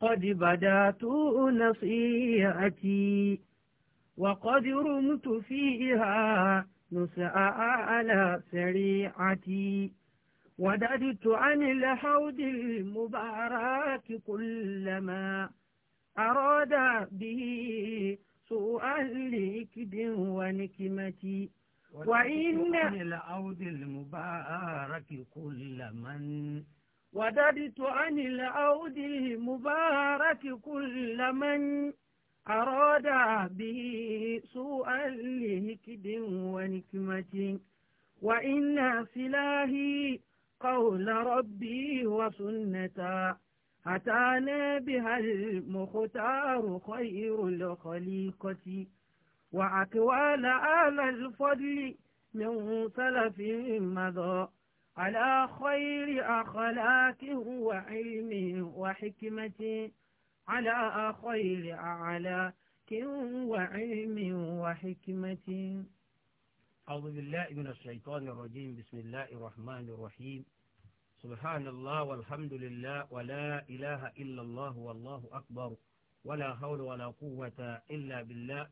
قد بدات نصيحتي وقد رمت فيها نساء على سريعتي وددت عن الحوض المبارك كلما أراد به سوءا لكد ونكمتي وإن عن الحوض المبارك كل من وددت عن العود المبارك كل من أراد به سوءا لهكد ونكمة وإن سلاهي قول ربي وسنة أتانا بها المختار خير الخليقة وأقوال أهل الفضل من سلف مضى على خير أخلاقه وعلمه وحكمته على خير أعلاك وعلمه وحكمته أعوذ بالله من الشيطان الرجيم بسم الله الرحمن الرحيم سبحان الله والحمد لله ولا إله إلا الله والله أكبر ولا حول ولا قوة إلا بالله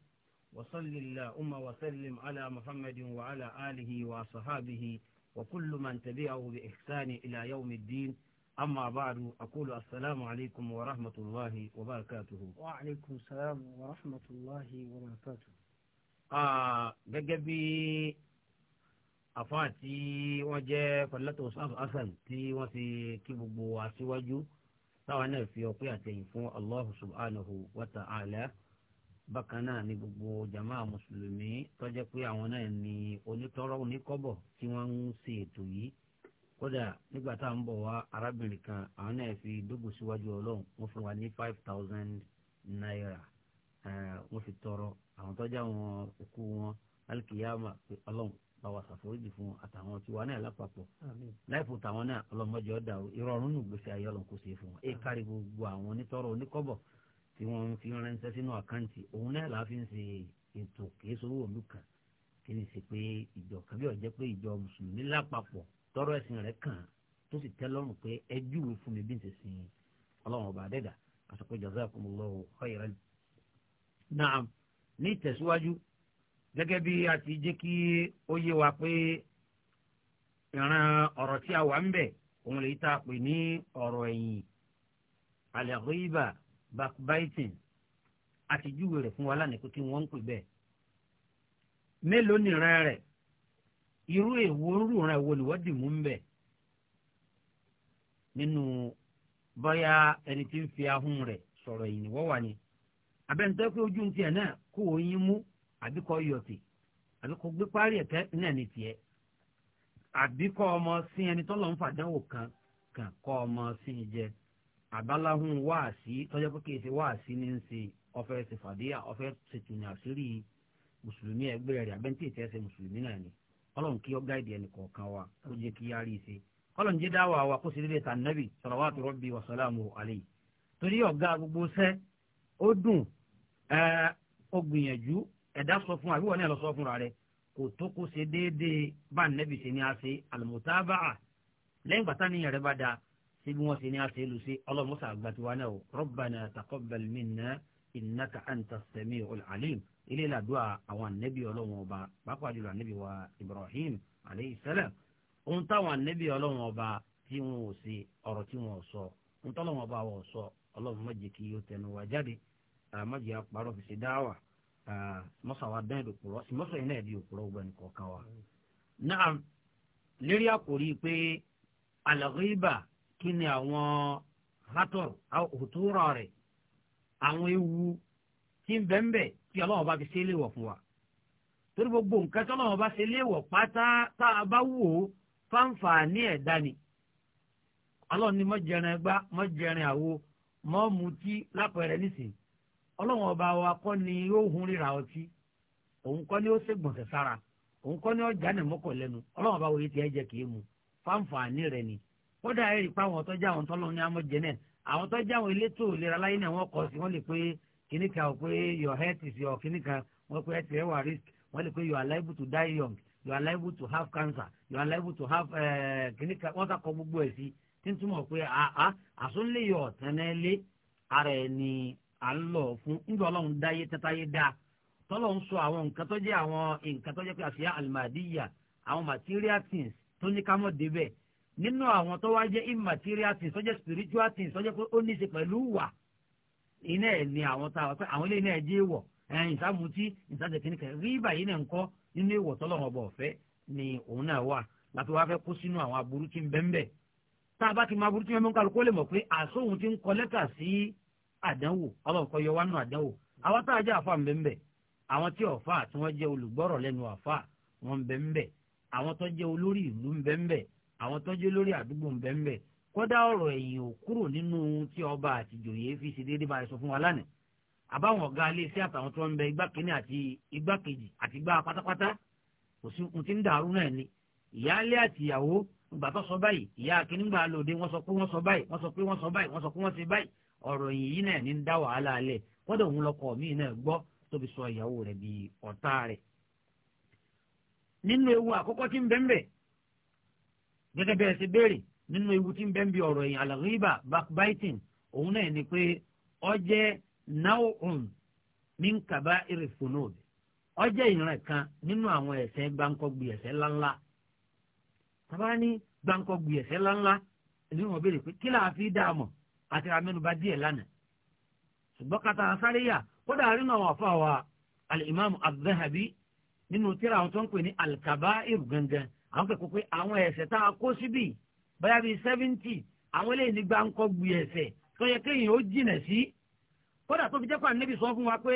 وصل اللهم وسلم على محمد وعلى آله وصحابه وكل من تبعه بإحسان إلى يوم الدين أما بعد أقول السلام عليكم ورحمة الله وبركاته وعليكم السلام ورحمة الله وبركاته آه جاجبي afa tí wọ́n jẹ́ pẹ̀lẹ́tò hasan tí wọ́n ti kí gbogbo aṣíwájú táwọn náà fi ọpẹ́ àtẹ̀yìn fún allah subhanahu wa ta'ala bákan náà ni gbogbo jamaa mùsùlùmí tó jẹ́ pé àwọn náà ni onítọ́rọ́ oníkọ́bọ̀ tí wọ́n ń ṣe ètò yìí kódà nígbà tá à ń bọ̀ wá arábìnrin kan àwọn náà fi dógò síwájú ọlọ́run wọ́n fún wa ní five thousand naira eh, wọ́n fi tọrọ àwọn tọ́jà wọn òkú wọn alikiyama pé ọlọ́run bá wa ṣàforíjì fún àtàwọn tí wọn náà lápapọ̀ láìpò táwọn náà ọlọ́mọdé ọ̀dà ìrọ̀rùn nù gbèsè ayé ọlọ́run kò ṣe é fún wọn èèkàrí gbogbo àwọn onítọ́rọ̀ oníkọ́bọ̀ tí wọ́n ń fi ránṣẹ́ sínú àkáǹtì òun náà là á fi ń ṣe ètò kìí sọ owó òlù kan kí ni sì pé ìjọ kan bí ọ̀jẹ́ pé ìjọ mùsùlùmí lápapọ̀ tọrọ ẹ̀sìn rẹ̀ kàn tó sì tẹ́ lọ́rùn pé ẹ júwe fún mi bí n ṣe sin ọlọ́run ọba àdẹ́dà àsopọ̀ jazakumullahu khairan. naam ní ìtẹ̀síwájú gẹ́gẹ́ bí a ti jẹ́ kí ó yé wa pé ìran ọ̀rọ̀ tí a wà ń bẹ̀ òun lè ta pè ní ọ̀rọ̀ ẹ̀yìn al-ghiba backbiting àtijúwe rẹ̀ fún wa lánàá kó tí wọ́n ń pè bẹ́ẹ̀ mélòó nìran rẹ̀ irú èwo ràn wo ni wọ́n dì mú bẹ́ẹ̀ nínú bóyá ẹni tí ń fi ahun yìí ni wọ́n wà ní abẹ́ntẹ́ pé ojú tiẹ̀ náà kó o yín mú àbí kọ́ gbé parí náà ní ọmọ sí àbáláhùn wáàsí tọ́jọ́ pé kìí ṣe wáàsí ní ń ṣe ọ̀fẹ́ ṣe fàdíyà ọ̀fẹ́ ṣe tùnú àṣírí mùsùlùmí ẹgbẹ́ rẹ̀ àbẹ́ntì ìtẹ́ ṣe mùsùlùmí náà ni ọlọ́run kí ó gáìdì ẹnì kọ̀ọ̀kan wa ó jẹ́ kí á rí ọlọ́run jẹ́ dáwà wa kó sì rí lẹ́tà nẹ́bì salawatu rabbi wa salamu alayhi torí ọ̀gá gbogbo ṣẹ́ ó dùn ó gbìyànjú ẹ̀dá sọ fún àbí wọn náà lọ sọ fúnra rẹ̀ kò tó kó ṣe déédéé bá nẹ́bì ṣe ni a àlùmọ́tàbà lẹ́yìn gbàtà níyàn bá dáa ṣé bí wọ́n ṣe ní àṣẹ ìlú ṣe ọlọ́mọṣà àgbà tiwa náà o rabbana taqabbal minna innaka anta as-sami'ul alim ilé ìlàdúrà àwọn ànẹ́bí ọlọ́wọ́n ọba pàápàá jùlọ ànẹ́bí wa Ibrahim alayhi salam ohun táwọn ànẹ́bí ọlọ́wọ́n ọba tí wọn ò ṣe ọ̀rọ̀ tí wọn ò sọ ohun tọ́lọ́wọ́n ọba wọn ò sọ ọlọ́run má jẹ́ kí ó tẹnu wá jáde má jẹ́ àparọ́ fi ṣe dáwà mọ́sá wa dán èdè òpùrọ́ sí yìí náà di òpùrọ́ gbogbo ẹnì kọ̀ọ̀kan wa. náà lérí àkòrí pé al kini ni àwọn hator òtúrọ̀ rẹ̀ àwọn ewu tí ń bẹ́ńbẹ́ tí ọlọ́wọ́ bá fi ṣe é léwọ̀ fún wa torí gbogbo nǹkan tí ọlọ́wọ́ bá ṣe léwọ̀ pátá tá a bá wò ó fáǹfààní ẹ̀dá ni ọlọ́run ni mọ́jẹrin gbá mọ́jẹrin àwo mọ́mutí lápẹ̀rẹ̀ nísìnyí ọlọ́run ọba wa kọ́ ni yóò hun ríra ọtí òun kọ́ ni ó ṣègbọ̀nsẹ̀ sára òun kọ́ ni ó jáde mọ́kọ̀ lẹ́nu ọlọ́run ọba wo yìí ti ẹ jẹ kì í mu fáǹfààní rẹ ni kódà ẹ̀rí pa àwọn tọ́jà àwọn tọ́lọ́ ní amọ̀jẹ náà àwọn tọ́jà àwọn elétò ìlera láyé náà wọ́n kọ́ sí wọ́n lè pé kíní kan ò pé your health is your kíní kan wọ́n pé health rẹ̀ wà risk wọ́n lè pé you are liable to die young you are liable to have cancer you are liable to have eh, kíní kan wọ́n sàkọ́ gbogbo ẹ̀ sí tí n túmọ̀ pé ah, ah, àsúnléyọ̀ ọ̀tẹ́nẹ́lé ara ẹ̀ ni à ń lọ fún nígbà ọlọ́run dáyé tẹ́táyé dá tọ́lọ́run sọ àwọn nǹkan tó jẹ́ àwọn nǹkan tó jẹ́ pé àṣeyá àlùmáàdíyà àwọn material things tó ní ká mọ̀ débẹ̀ nínú àwọn tó wá jẹ́ immaterial things tó spiritual things tó jẹ́ pé ó ní í ṣe pẹ̀lú wà iná ẹ̀ ni àwọn tá a pé àwọn ilé iná ẹ̀ jẹ́ wọ̀ ẹ̀yìn ìsàmùtí ìsàjẹ̀ kìnnìkan rí báyìí náà ń kọ́ nínú ìwọ̀ tọ́lọ́run ọba ọ̀fẹ́ ni òun náà wà láti wá fẹ́ kó sínú àwọn aburú tí ń bẹ́ẹ̀ bẹ́ẹ̀ tá a bá ti máa burú tí ń bẹ́ẹ̀ kálukú ó lè mọ̀ pé àsóhun ti ń kọ lẹ́tà sí àdánwò ọlọ́ọ̀kọ́ yọ wá nù àdánwò àwọn tọ́jú lórí àdúgbò ń bẹ́ ń bẹ́ kódà ọ̀rọ̀ ẹ̀yìn ò kúrò nínú tí ọba àtijọ́yé fi ṣe déédéé bá a sọ fún wa lánàá àbáwọn ọ̀gá ilé iṣẹ́ àtàwọn tó ń bẹ igbá kínní àti igbá àti igbá pátápátá kò sí ohun tí ń dàrú náà ni ìyáálé àtìyàwó ìgbà tó sọ báyìí ìyá akínní gbà lóde wọ́n sọ pé wọ́n sọ báyìí wọ́n sọ pé wọ́n sọ báyìí wọ́n sọ pé wọ́n ṣe báyìí ọ̀rọ̀ yìí náà ní ń dá wàhálà alẹ̀ kódà òun lọkọ mi náà gbọ́ tóbi sọ ìyàwó rẹ̀ bíi ọ̀tá rẹ̀ nínú ewu àkọ́kọ́ tí ń bẹ́ńbẹ́ gẹ́gẹ́ bí ẹ ṣe nínú ewu tí ń bẹ ń bi ọ̀rọ̀ yìí backbiting òun náà ni pé ó jẹ́ nau'un min kaba'iri funod ó jẹ́ ìran kan nínú àwọn ẹ̀ṣẹ̀ gbáǹkọ́gbì ẹ̀ṣẹ̀ ńláńlá tàbá ní gbáǹkọ́gbì ẹ̀ṣẹ̀ ẹni wọn béèrè pé mọ̀ àti amẹnuba díẹ̀ lánàá ṣùgbọ́n kàtà alimami al nínú tíra àwọn ní alikaba àwọn kẹ́kọ̀ọ́ pé àwọn ẹ̀ṣẹ̀ a kó síbì bóyá bíi seventy àwọn eléyìí ní gbáǹkọ́ gbu ẹ̀ṣẹ̀ tó yẹ kéèyàn ó jìnà sí kódà tó fi jẹ́ pé ànẹ́bí sọ fún wa pé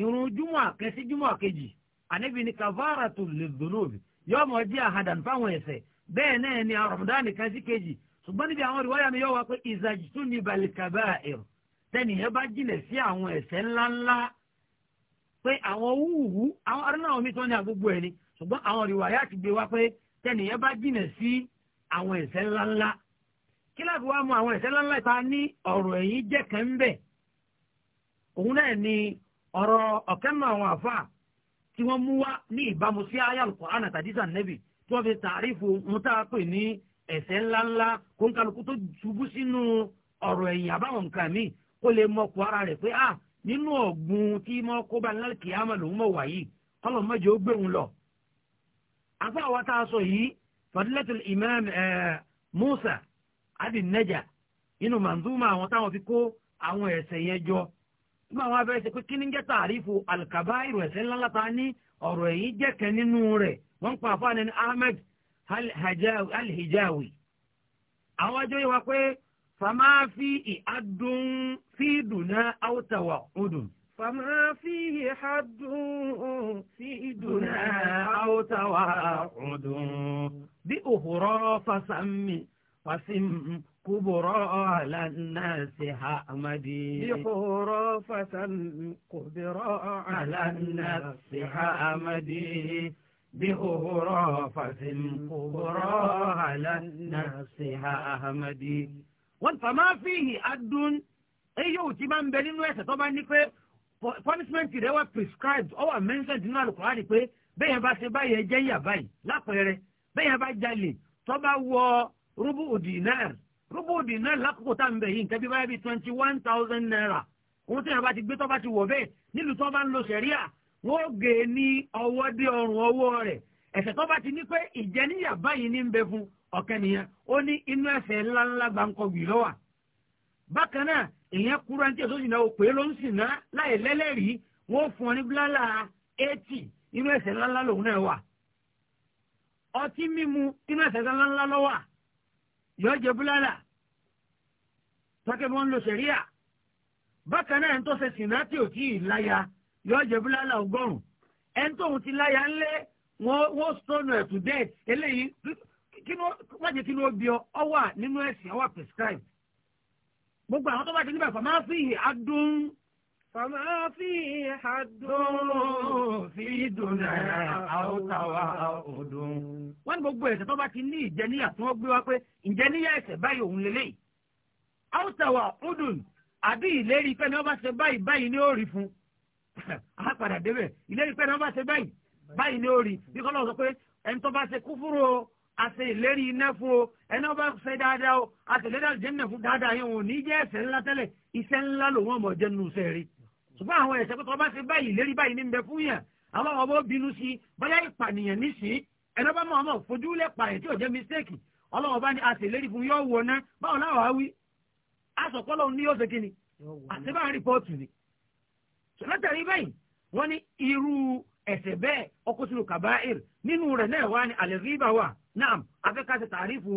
ìrun júmọ̀ àkẹ́sí júmọ̀ àkejì ànẹ́bí ni kàfàràtù lidhunubi yóò mọ̀ jẹ́ àhàdàn fáwọn ẹ̀ṣẹ̀ bẹ́ẹ̀ náà ni Ramadan kan sí kejì ṣùgbọ́n níbi àwọn ìwáyà mi pé ni ṣùgbọ́n àwọn rìwáyà ti gbé wá pé tẹnìyẹn bá jìnà sí àwọn ẹ̀ṣẹ̀ ńláńlá kí láti wá mú àwọn ẹ̀ṣẹ̀ ńláńlá ta ní ọ̀rọ̀ ẹ̀yìn jẹ́ kan ń bẹ̀ òun náà ni ọ̀rọ̀ ọ̀kẹ́ mọ àwọn àfa tí wọ́n mú wá ní ìbámu sí ayal Qur'an àtàdísà nẹ́bì tí wọ́n fi tààrífù ohun tá pè ní ẹ̀ṣẹ̀ ńláńlá kó ń kálukú tó ṣubú sínú ọ̀rọ̀ ẹ̀yìn àbáwọn nǹkan míì kó lè mọ ọkọ̀ ara rẹ̀ pé ah nínú ọ̀gbun tí mọ́ kó bá ńlá kìámà lòún mọ̀ wáyé kọ́lọ̀ mọ́jọ́ gbé òun lọ afa àwọn tá a sọ yìí fadilatul imam musa adi naja inú manzuma àwọn táwọn fi kó àwọn ẹ̀ṣẹ̀ yẹn jọ nígbà wọn abẹ́rẹ́ ṣe pé kí ni ń jẹ́ tààrífù alkabairu ẹ̀ṣẹ̀ ńlá ńlá ta ní ọ̀rọ̀ èyí jẹ́ kan nínú rẹ̀ wọ́n pa àfa ní ahmed alhijawi àwọn ajọ́ yìí wá pé fama ìadùn fídùn náà áwùtàwà ọdún فما فيه حد في دنا أو تواعد بأخرى فسم وسم كبرى للناس حمدي بأخرى فسم كبرى على الناس حمدي بأخرى فسم كبرى على الناس حمدي وانت ما فيه حد ايوه تبان بلين ويسا طبعا نكوه punishment rẹ wà prescribed ó wà mentioned nínú àlùkùránì pé bẹ́ẹ̀ yẹn bá ṣe báyìí ẹ jẹ́ yà báyìí lápẹẹrẹ bẹ́ẹ̀ yẹn bá jalè tó bá wọ rúbù dinar rúbù dinar lákòókò tá à ń bẹ̀ yìí nǹkan bí báyìí bíi twenty one thousand naira òun tí yẹn bá ti gbé tó bá ti wọ̀ bẹ́ẹ̀ nílùú tó bá ń lo sẹ̀ríà wọ́n gé e ní ọwọ́ dé ọrùn ọwọ́ rẹ̀ ẹ̀ṣẹ̀ tó bá ti ní pé ìjẹníyà báyìí ní ń bẹ fún ọ̀kẹ́ nìyẹn ó ní inú ẹ̀ṣẹ̀ ńláńlá gbàǹkọ̀gbì lọ́wà bákan náà ìyẹn kúrò ẹni tí èso náà ò pé ló ń sì náà láì lẹ́lẹ́rìí wọ́n fún ọ ní bílálà eighty inú ẹ̀ṣẹ̀ ńláńlá lòun náà wà ọtí mímu inú ẹ̀ṣẹ̀ ńláńlá lọ́wà yọ jẹ bílálà tọ́kẹ́ wọn sẹ̀ríà bákan náà ẹni tó ṣe sìnà tí ò tí ì láya yọ jẹ bílálà ọgọ́rùn ẹni tóun ti láya ńlẹ́ wọ́n sọnù ẹ̀tù dẹ́ẹ̀t eléyìí kí wọ́n jẹ́ kí wọ́n bí ọ ọ wà nínú ẹ̀sìn ọ prescribe gbogbo àwọn tó bá ti níbẹ̀ fàmà sí adùn. fàmà sí adùn fi dùnà àwòtàwà ọdún. wọ́n ní gbogbo ẹ̀ṣẹ̀ tó bá ti ní ìjẹníyà tí wọ́n gbé wá pé ìjẹníyà ẹ̀ṣẹ̀ báyìí òun lélẹ́yìí. àwòtàwà ọdún àbí ìlérí pé ní wọ́n bá ṣe báyìí báyìí ní ó rí fún. a padà débẹ̀ ìlérí pé ní wọ́n bá ṣe báyìí báyìí ní ó bí kọ́lọ́ àṣẹ ìlérí iná fún o ẹni ọba ṣe dáadáa o àtẹ̀lé àlùjẹ́nà fún dáadáa yẹn òun ní jẹ́ ẹ̀ṣẹ̀ ńlá tẹ́lẹ̀ iṣẹ́ ńlá lòun ọmọ jẹ́ nínú iṣẹ́ rí ṣùgbọ́n àwọn ẹ̀ṣẹ̀ pé tọ́ba ṣe báyìí ìlérí báyìí ní bẹ fún yẹn àwọn ọmọ bínú sí bóyá ìpànìyàn níṣìí ẹni ọba máa mọ̀ fojú lẹ̀ pààyàn tí ò jẹ́ mistake ọlọ́wọ́ bá ní àṣẹ ìlérí fún yóò ọkọ̀ sínú kàbáìr nínú rẹ̀ náà wá ní àlẹ́rìbá wà náà afẹ́ká ṣe tààrífù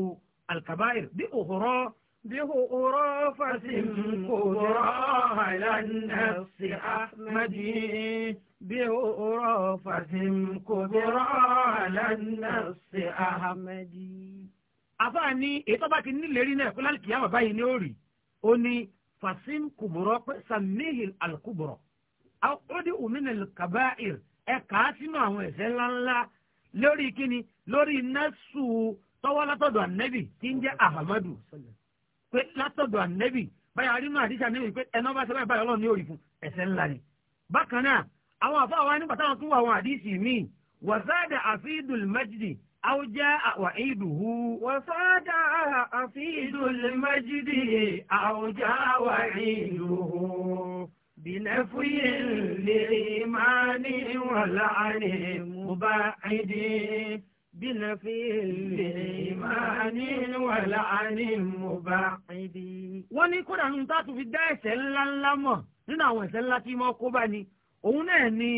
alkàbáìr bí òhòrọ́ bí òhòrọ́ fàṣìm kò bọ̀rọ̀ àìlànàfẹ́ ahmadi bí òhòrọ́ fàṣìm kò bọ̀rọ̀ àìlànàfẹ́ ahmadi. àbá ni ètò bá ti nílérí náà fúlàní kìyàwó báyìí ni ó ó ní fàṣìm kùbùrọ̀ pé sàmìhìl alkùbùrọ̀ àwọn ó òmìnira kàbáìr. ẹ̀ka sínú àwọn ńlá ńlá lórí kíni lórí nesu tọwọ látọ̀dọ̀ ànẹ́bì tí ń jẹ́ ahamadu pé látọ̀dọ̀ ànẹ́bì báyà rínú àdìsí ànẹ́bì pé ẹ̀nà bá báyà ọlọ́run ní òrì fún ńlá ni. bákan náà àwọn wa nígbà táwọn tún wà àwọn àdìsí بنفي لإيمان ولعن مباعد بنفي لإيمان ولعن مباعد wọ́n ní kódà ní tá a tún fi dá ẹ̀ṣẹ̀ ńlá ńlá mọ̀ nínú àwọn ẹ̀ṣẹ̀ ńlá tí mo kó bá ní òun náà ni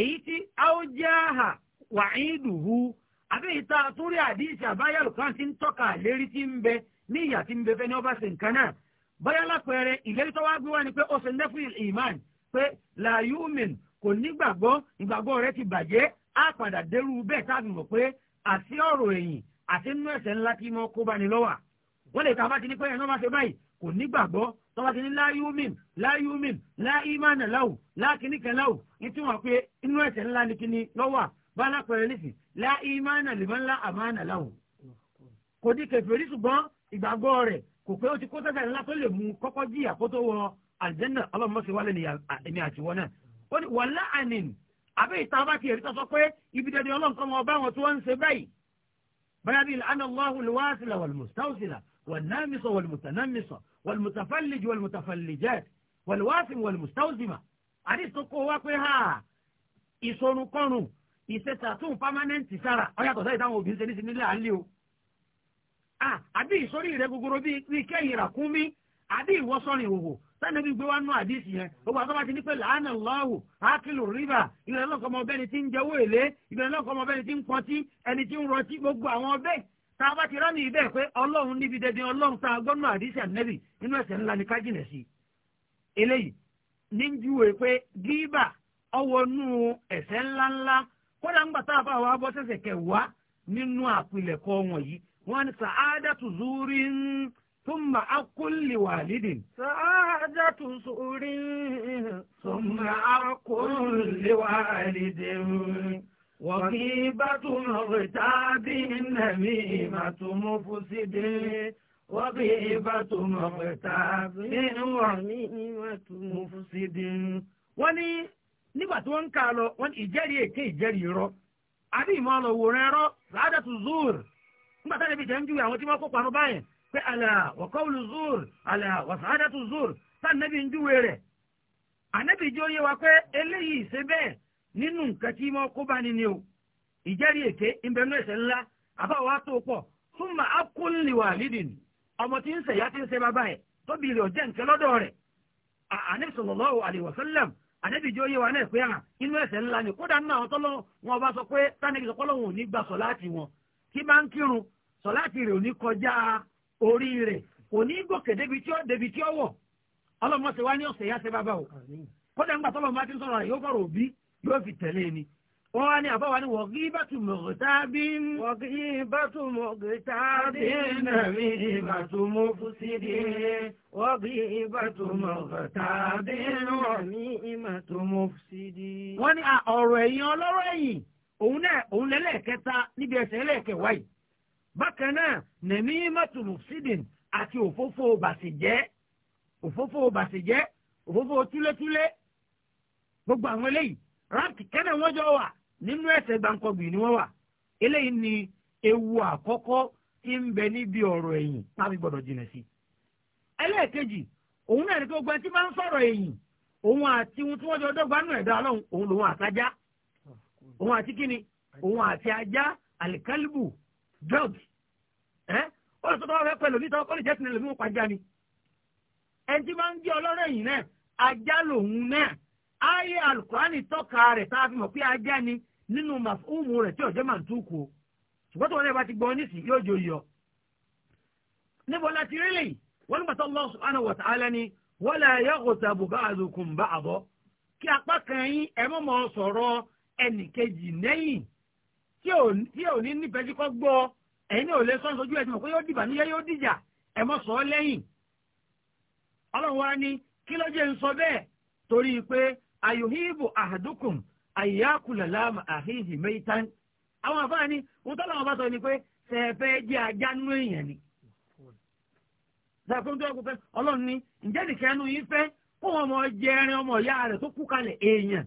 èyí tí ni wàhídùhù kan ti ń tọ́ka lérí tí ń bẹ ní ní báyá lápẹẹrẹ ìlérí tó wá gbé wá ni pé ó ṣe nẹ́fìl iman pé làyúmin kò nígbàgbọ́ ìgbàgbọ́ rẹ ti bàjẹ́ á padà dérú bẹ́ẹ̀ tá a fi mọ̀ pé àti ọ̀rọ̀ ẹ̀yìn àti nínú ẹ̀ṣẹ̀ ńlá tí mo kó bá ní lọ́wọ́ wọ́n lè ta bá ti ní pé ẹ̀ náà bá ṣe báyìí kò nígbàgbọ́ tó bá ti ní láyúmin láyúmin láìmánà láwù lákìníkan láwù ní tí wọ́n pé inú ẹ̀ṣẹ̀ ńlá ni kíní lọ́wọ́ bá lápẹẹrẹ nísìn láìmánà lè kò pé ó ti kó sẹ́sẹ̀ ńlá tó lè mú kọ́kọ́ jìyà kó tó wọ àlìjẹ́nà ọlọ́run mọ́sẹ̀ wálé ni èmi àtiwọ́ náà ó ní wà láàánì àbẹ́ ìta bá ti èrè sọ pé ibi dẹ̀dẹ̀ ọlọ́run wọn bá wọn tí wọ́n ń ṣe báyìí báyà bíi lànà allahu alwaasila walmustawsila wannamisa walmutanamisa walmutafallij walmutafallijat walwaasim walmustawsima àdìsọ kó wá pé ha ìsorun kọrùn pámánẹ́ǹtì sára ọ̀yàtọ̀ sẹ́yìn táwọn obìnrin ṣe ní sinilẹ̀ àlẹ́ o Ah, àbí ìsórí rẹ gogoro bíi kẹ́yìn ràkúnmí àbí ìwọ́sọ̀rìn òwò sanabi gbé wa nù àdìsí yẹn gbogbo àtọ́ba ti ní pé làánà lọ́wọ́ àkìlù rìbà ìbẹ̀rẹ̀ lọ́kọ̀ ọmọ ọbẹ̀ ni ti ń jẹ́wọ́ èlé ìbẹ̀rẹ̀ lọ́kọ̀ ọmọ ọbẹ̀ ni ti ń pọtí ẹni ti ń rọtí gbogbo àwọn ọbẹ̀ tá a bá ti rán ní ibẹ̀ pé ọlọ́run níbi dẹdẹ ọlọ́run tá a gbọ́ nù àdìsí ànẹ́bì nínú ẹ̀sẹ̀ ńlá ni kájìnà sí. eléyìí ní ń júwe pé gíbà ọwọ́ nù ẹ̀sẹ̀ ńláńlá kódà ńgbà tá a bá wa bọ́ sẹ̀sẹ̀ kẹwàá nínú àpilẹ̀kọ wọn yìí wọ́n ní sàádàtù zurin thumma akulli walidin. sàádàtù zurin thumma akulli walidin. وغيبة مغتاب نميمة مفسد وغيبة مغتاب نميمة مفسد wọ́n ní nígbà tí wọ́n ń kà lọ wọ́n ní ìjẹ́rìí èké ìjẹ́rìí irọ́ àbí ìmọ̀ ọ̀lọ̀ wòran ẹ̀rọ sàádàtù zurin nígbà táwọn ibi jẹ́ ń júwe àwọn tí wọ́n kó parun báyẹn pé àlà wọ́kọ́wùlù zuur àlà wàsàádàtù zuur táwọn nẹ́bí ń júwe rẹ̀ ànẹ́bí jẹ́ oyé wa pé eléyìí ṣe bẹ́ẹ̀ nínú nǹkan tí wọ́n kó bá ní ni o ìjẹ́rìí èké ìbẹ̀nú ẹ̀ṣẹ̀ ńlá àbáwá tó pọ̀ súnmọ́ akúnlìwà lídìn ọmọ tí ń ṣẹ̀yà tí ń ṣe bàbá ẹ̀ tóbi rẹ̀ ọ̀jẹ̀ nǹkan lọ́dọ̀ rẹ̀ ànẹ́bí sallallahu jẹ́ oyé wa náà pé hàn inú ẹ̀ṣẹ̀ ńlá tí bá ń kírun sọláàtì rẹ̀ ò ní kọjá orí rẹ̀ kò gòkè débi tí ó débi tí ó wọ̀ ọlọ́mọ ṣe wá ní ọ̀sẹ̀ yá ṣe bàbá o kódà ńgbà tọ́lọ́mọ bá ti ń sọ̀rọ̀ rẹ̀ yóò kọ̀rọ̀ òbí yóò fi tẹ̀lé ni wọ́n wá ní àbáwá ní wọ̀gíbàtù mọ̀gítàbí wọ̀gíbàtù mọ̀gítàbí nàmí ìbàtù mọ̀fúsídì wọ̀gíbàtù mọ̀gítàbí nàmí ìbàtù mọ̀fúsídì. wọ́n ní ọ̀rọ̀ ẹ̀yìn ọlọ́rọ̀ ẹ̀yìn òun náà eke lẹ́lẹ́kẹta níbi ẹsẹ̀ ẹlẹ́kẹwà yìí bákan náà nẹ̀mí mọ́tòlù sídìn àti òfófó bàṣẹ̀jẹ́ òfófó bàṣẹ̀jẹ́ òfófó túlétúlé gbogbo àwọn eléyìí rántí kẹ́nà wọ́n jọ wà nínú ẹsẹ̀ gbàǹkọ̀gbìn ni wọ́n wà eléyìí ni ewu àkọ́kọ́ ti ń bẹ níbi ọ̀rọ̀ ẹ̀yìn tàbí gbọ́dọ̀ jìnà sí. ẹlẹ́ẹ̀kejì òun náà ní kí gbogbo ẹtí máa ń sọ̀rọ̀ ẹ̀yìn ohun tí wọ́n jọ dọ́gba nù ẹ̀dá ọlọ́run òun òun àti kíni òun àti ajá alikalibu drug ẹ ó lè sọ́tọ́ wá fẹ́ pẹ̀lú nítorí ó lè jẹ́ sinilẹ̀ fún pàjá ni ẹni tí máa ń jẹ́ ọlọ́rọ̀ yìí náà ajá lòun náà ayé alukurani tọ́ka rẹ̀ tá a fi mọ̀ pé ajá ni nínú màfúùmù rẹ̀ tí ọ̀jẹ́ máa ń túkù ṣùgbọ́n tí wọn náà bá ti gbọ́ nísìnyí yóò jò yọ. níbo la ti rí lè wọ́n nígbà tó Allah subhanahu wa ta'ala ni wala yaghtab ba'dukum ba'da kí apá kan yín ẹ mọ̀ mọ̀ sọ̀rọ̀ ẹnìkejì lẹ́yìn tí ò ní nífẹ̀ẹ́ sí kọ́ gbọ́ ẹ̀yin náà ò lè sọ́n sojú ẹ̀sìn mọ̀ pé yóò dìbà níyẹ́ yóò dìjà ẹ̀ mọ́ sọ lẹ́yìn. ọlọ́run wa ni kí ló jẹ́ ń sọ bẹ́ẹ̀ torí pé ayòhíbù àdúkùn àyíyákùlẹ̀ láàmù àhíhì mẹ́tán. àwọn àfáà ni wọn tọ́lá wọn bá sọ ni pé sẹ́ẹ̀fẹ́ jẹ́ ajá nú èèyàn ni. sàkóńtò ẹ̀kú fẹ́ ọlọ́run ni ǹjẹ́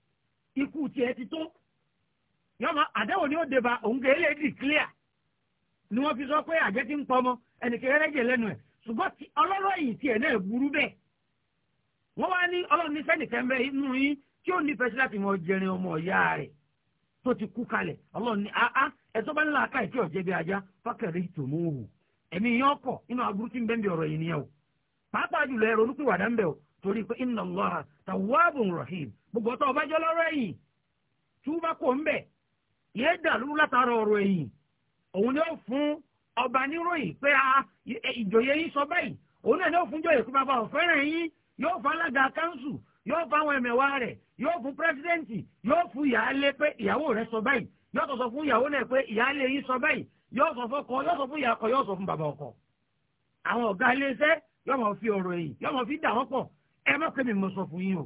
ikú tiẹ̀ ti tó yọmọ àdéhùn ni ó deba òun n lè di clear ni wọ́n fi sọ pé àjẹ́ ti ń pọ̀ ọmọ ẹnìkéré rẹ́jẹ̀ lẹ́nu ẹ̀ ṣùgbọ́n ọlọ́rọ̀ yìí tiẹ̀ náà burú bẹ́ẹ̀ wọ́n wá ní ọlọ́run ní sẹ́nìkẹ́ ń bẹ inú yín tí ó nífẹ̀ẹ́ sí láti mọ jẹrin ọmọ ọ̀yá rẹ̀ tó ti kú kalẹ̀ ọlọ́run ní àá ah, ah, ẹ̀tọ́ bá ń la káyìí tí ọ̀jẹ̀ bí ajá fákẹ́rì tòmóhù ẹ̀mí yín ọkọ̀ inú gbogbo ọtọ ọbàjọ lọ́rọ̀ ẹ̀yìn tí wọn bá kó ń bẹ yéé dàlúrú látara ọ̀rọ̀ òun ni fún ọba níròyìn pé ìjòyè yín sọ báyìí òun náà ni ó fún jòyè pé bàbá ọ̀fẹ́ràn yín yóò fún alága kánsù yóò fún àwọn ẹ̀mẹ̀wá rẹ̀ yóò fún pírẹsidẹ́ǹtì yóò fún ìyáálé pé ìyàwó rẹ̀ sọ báyìí yóò sọ fún ìyàwó náà pé ìyáálé yín sọ ọkọ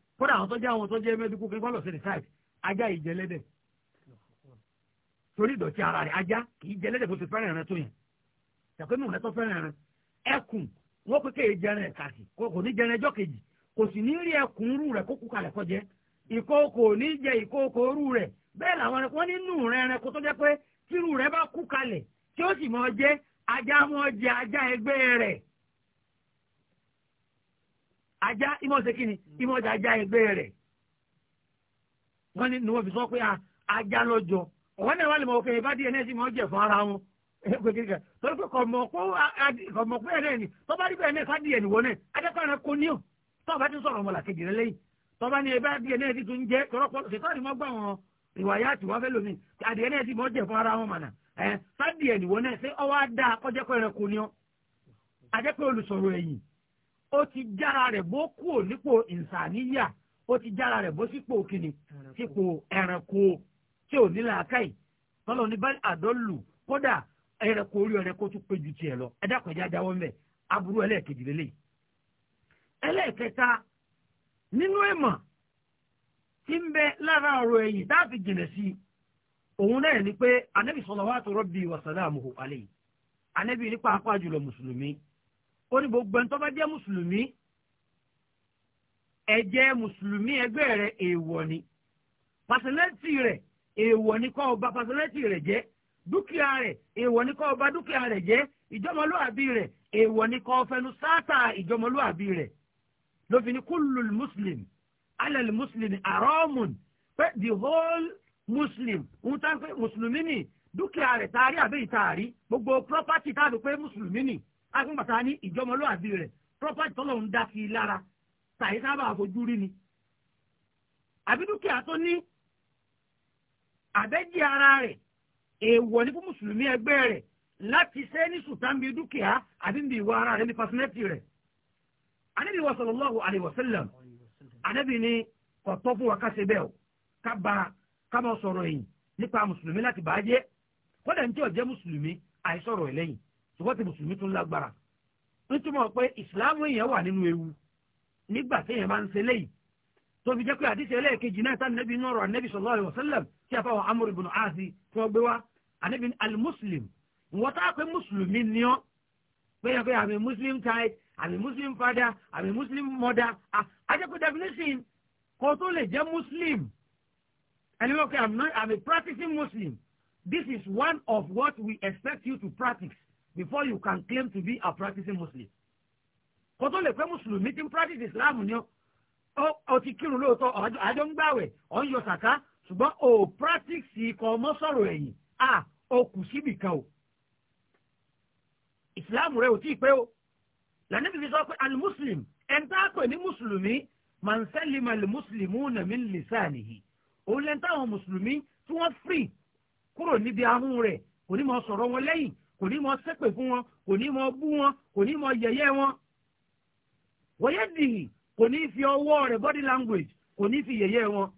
kódà àwọn tó jẹ́ àwọn tó jẹ́ mẹ́díkù kí wọ́n lọ sí rìsáìtì ajá ìjẹlẹ́dẹ̀ torí ìdọ̀tí ara ajá kì í jẹlẹ́dẹ̀ tó ti fẹ́ràn rẹ tó yẹn rẹ tó fẹ́ràn rẹ ẹkùn wọ́n pé kéè jẹrẹ kàkì kò ní jẹrẹ ẹjọ́ kejì kò rẹ kó kú kọjẹ ní jẹ rẹ bẹ́ẹ̀ làwọn rẹ tó rẹ bá kú kalẹ̀ mọ jẹ ajá mọ jẹ ajá ẹgbẹ́ rẹ. ajá ìmọ̀ ṣe kí ni ìmọ̀ ṣe ajá ẹgbẹ́ rẹ̀ wọ́n ní ni wọ́n fi sọ pé ajá lọ́jọ́ ọ̀wọ́n náà wà lè náà sì mọ̀ jẹ̀ fún ara wọn torí pé kọ̀mọ̀ pé ẹ̀rẹ́ ni tó bá rí bẹ́ẹ̀ náà sádìẹ̀ nìwọ náà adẹ́kọ̀ọ́ rẹ kò ní ò tó bá ti sọ̀rọ̀ ọmọ làkejì rẹ lẹ́yìn tó bá ní ni ó ti jára rẹ̀ bó kúò nípò ìsàníyà ti jára rẹ̀ bó sípò kìnnì sípò ẹranko tí ò ní làákàyè tọ́lọ̀ ní báyìí àdọ́lù kódà ẹranko orí ẹranko pé ju tiẹ̀ lọ ẹ dákun ẹja jáwọ́ mẹ́ aburú ẹlẹ́ẹ̀kejì lélẹ̀ ẹlẹ́ẹ̀kẹta nínú ìmọ̀ tí ń bẹ lára ọ̀rọ̀ ẹ̀yìn tá a fi jìnà sí òun náà ni pé anabi nípa apá jùlọ mùsùlùmí ó ní gbogbo ẹni tó bá jẹ́ mùsùlùmí ẹ̀jẹ̀ mùsùlùmí ẹgbẹ́ rẹ̀ èèwọ̀ ni pàṣẹlẹ́tì rẹ̀ èèwọ̀ ni kó bà pàṣẹlẹ́tì rẹ̀ jẹ́ dúkìá rẹ̀ èèwọ̀ ni kó bà dúkìá rẹ̀ jẹ́ ìjọmọlúwàbí rẹ̀ èèwọ̀ ni kó fẹnu sáátà ìjọmọlúwàbí rẹ̀ lófin ni kúlù muslim alẹ́ muslim àrọ́ọ̀mùn pé the whole muslim ń tán pé mùsùlùmí ni dúkìá rẹ̀ taari àbí ìtaari gbogbo property tàbí pé mùsùlùmí ni agbọ̀ngbàtà ní ìjọmọlúwàbí rẹ̀ property tọ́lọ̀ ń dá sí i lára tàyí sábà fojú rí ni àbí dúkìá tó ní àbẹ́jì ara rẹ̀ èèwọ̀ ní fún mùsùlùmí ẹgbẹ́ rẹ̀ láti ṣe ní sùtàn bíi dúkìá àbí bíi ìwà ara rẹ̀ ní fásitì rẹ̀ anabi wa sallallahu alayhi wa sallam anabi ni kò tọ́ fún wa ká ṣe bẹ́ẹ̀ o ká bara ká máa sọ̀rọ̀ yìí nípa mùsùlùmí láti bàá jẹ́ kódà ní tí ò jẹ́ mùsùlùmí àìsọ̀rọ̀ ẹ̀ lẹ́yìn ṣùgbọ́n ti mùsùlùmí tún lágbára nítumọ̀ pé ìsìláàmù yẹn wà nínú ewu nígbà téèyàn máa ń ṣe léyìí tó fi jẹ́ pé àdìsẹ́ ẹlẹ́ẹ̀kejì náà tán nẹ́bí nọ́ọ̀rọ̀ ànẹ́bí sallallahu alaihi wasallam tí a fáwọn amúrú ibùnú áàsì tí wọ́n gbé wá ànẹ́bí alimuslim wọ́n tá a pé mùsùlùmí ni ọ́ pé yẹn pé àmì muslim child àmì muslim father àmì muslim mother àjẹpẹ́ definition kò tó lè jẹ́ muslim ẹni wọ́n pé I'm a practicing muslim this is one of what we expect you to practice before you can claim to be a practicing muslim kó tó lè pé mùsùlùmí ti ń practice islam ni ó ti kírun lóòótọ́ àjọ ń gbàwẹ̀ ọ̀ ń yọ sàká ṣùgbọ́n ò practice ikọ̀ ọmọ sọ̀rọ̀ ẹ̀yìn à ó kù síbì kan o islam rẹ ò tí ì pé o lànàbí fi sọ pé alimuslim ẹni tá pè ní mùsùlùmí man salima al-muslimuna min lisanihi òun lẹ́ni táwọn mùsùlùmí tí wọ́n free kúrò níbi ahọ́n rẹ̀ kò ní máa sọ̀rọ̀ wọn lẹ́yìn kò ní mọ ṣépè fún wọn kò ní mọ bú wọn kò ní mọ yẹ̀yẹ́ wọn. wòye dìhì kò ní fi ọwọ́ rẹ̀ body language kò ní fi yẹ̀yẹ́ wọn.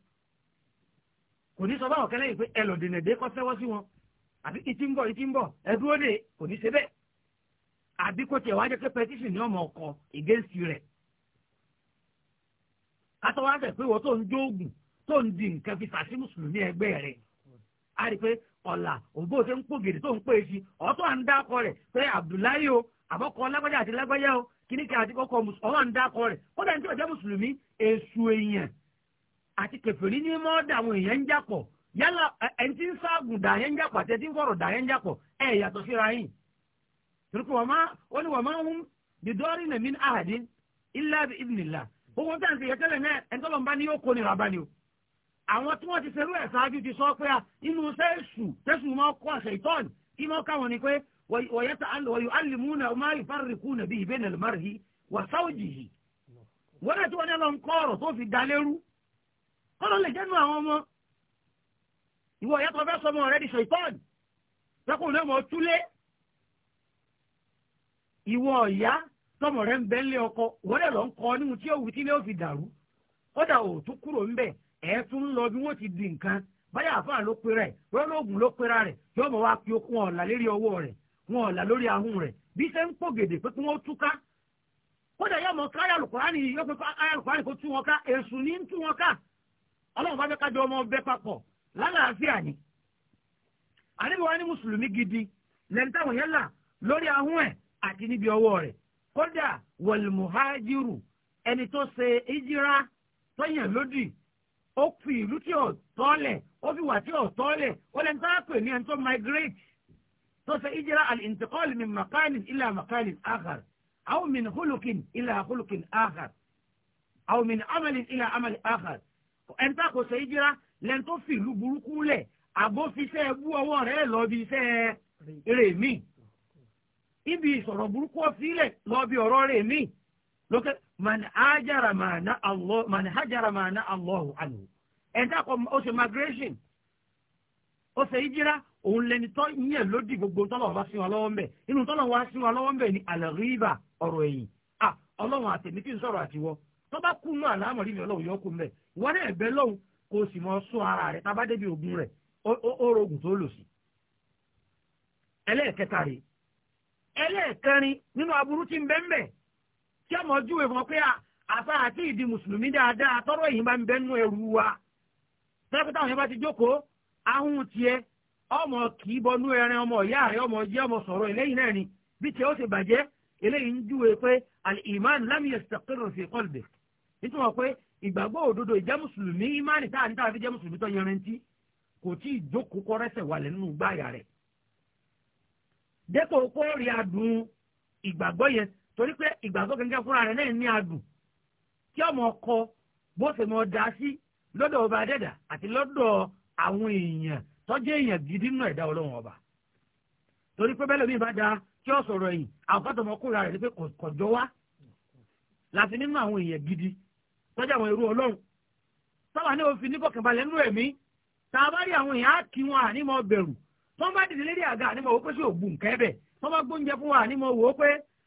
kò ní sọ báwọn kẹlẹ́ yìí pé ẹ lọ dènà dé kọ́ sẹ́wọ́ sí wọn àbí ìtí ń bọ̀ ìtí ń bọ̀ ẹ dè kò ní ṣe bẹ́ẹ̀. àbí kò tiẹ̀ wá jẹ́ pé petition ní ọmọ ọkọ̀ against rẹ̀. kátó wá bẹ̀ pé wọ́n tó ń jóògùn tó ń di nǹkan fi fàṣí mùsùlùmí ẹgbẹ́ rẹ̀ á rí pé ọla òun ose ṣe ń pò gèdè tó ń pè sí ọ̀tọ̀ à ń dákọ rẹ̀ pé Abdullahi o àbọ̀kọ lágbájá àti lágbájá o kíníkà àti kọ́kọ́ ọ̀tọ̀ ń dákọ rẹ̀ kódà ní ọ̀jẹ́ mùsùlùmí èṣù èèyàn àti kẹfẹ́rí ní mọ́ọ́dà àwọn èèyàn ń yálà ń ságùn dà yẹn ń àwọn tí wọ́n ti ṣerú ẹ̀ ṣáájú ti sọ pé ah, inú sẹ́ẹ̀sù sẹ́ẹ̀sù máa kọ́ àṣẹ ìtọ́ni kí máa káwọn ni pé wọ̀yọ́ alìmúnà máa ìfárìkú nàbí ìbénà lùmárì wà sáwùjì yìí wọ́n náà tí wọ́n ní lọ ń kọ́ ọ̀rọ̀ tó fi dalérú kọ́ ló lè jẹ́nu àwọn ọmọ ìwọ ìyá tó sọmọ rẹ di ṣètọ́ọ̀nì lọ́kùn náà mọ̀ túlé ìwọ ẹ̀ tún ń lọ bí wọ́n ti di nǹkan báyà àfáà ló pe rẹ̀ rọ́lọ́gùn ló pera rẹ̀ tí ó wa fi okun ọ̀la lérí ọwọ́ rẹ̀ wọn ọ̀la lórí ahun rẹ̀ bí ṣe ń pò gèdè pé kí wọ́n kódà yóò mọ káyà lùkùránì yóò pe káyà lùkùránì kó tú wọn ká èṣù ní ń tú wọn ká ọmọ ọbẹ̀ papọ̀ lálàáfíà gidi táwọn yẹn là lórí ahun ẹ̀ àti níbi ọwọ́ rẹ̀ kódà ó fi ìlú tí ò tọ́lẹ̀ ó fi wà tí ò tọ́lẹ̀ ó lẹ́nu tó pè ní ẹni tó migrate tó ṣe ìjìra al-intiqal min makanin ila makanin akhar aw min khulukin ila khulukin akhar aw min amalin ila amalin akhar ẹni tó kò ṣe ìjìra lẹ́nu tó fi ìlú burúkú lẹ̀ àbó fi iṣẹ́ ẹbú ọwọ́ rẹ̀ lọ bí iṣẹ́ rèmí ibi ìsọ̀rọ̀ burúkú ọ̀sílẹ̀ lọ bí ọ̀rọ̀ rèmí. lókè man hajara ma na allah man hajara ma na allahu anhu ẹ̀dá kọ ó ṣe migration ó ṣe ìjìra gbogbo tọ́lọ̀ wá sí wọn lọ́wọ́ ń bẹ̀ inú tọ́lọ̀ wá sí ni ọ̀rọ̀ ẹ̀yìn à ọlọ́run àtẹ̀mí kí n sọ̀rọ̀ àtiwọ́ tó bá kú inú àlámọ̀rí mi ọlọ́run yọ kú tí ọmọ júwe fún ọ pé àfa àti ìdí mùsùlùmí dáadáa tọrọ èyí bá ń bẹ nínú ẹrù wa tẹ́lifíta òyìnbó bá ti jókòó ahun tiẹ̀ ọmọ kì í bọnú ẹran ọmọ ìyá rẹ ọmọ jẹ ọmọ sọ̀rọ̀ eléyìí náà ni bí tiẹ̀ ó ti bàjẹ́ eléyìí ń júwe pé al-iman lam yastaqirru fi qalbihi nítorí wọn pé ìgbàgbọ́ òdodo ìjẹ́ mùsùlùmí ìmánì tá à ń tàbí torí pé ìgbàgbọ́ gẹ́gẹ́ fúnra rẹ̀ náà ní adùn tí ọmọ ọkọ bó ṣe mọ da sí lọ́dọ̀ ọba adẹ́dà àti lọ́dọ̀ àwọn èèyàn tọ́jú èèyàn gidi nínú ẹ̀dá ọlọ́run ọba torí pé bẹ́lẹ̀ mi bá da kí ọ sọ̀rọ̀ ẹ̀yìn àwọn ọmọkùnrin rẹ̀ ni pé kọjọ́ wá láti nínú àwọn èèyàn gidi tọ́jú àwọn irú ọlọ́run sábà ní òfin níbọ̀kànbalẹ̀ nínú ẹ̀mí tá a bá rí àwọn èèyàn á kí wọn ànímọ̀ bẹ̀rù tó ń bá dìde lédè àga ànímọ̀ wò pé sí ògbù nǹkan ẹ̀bẹ̀ bá gbóúnjẹ fún wa ànímọ̀ wò pé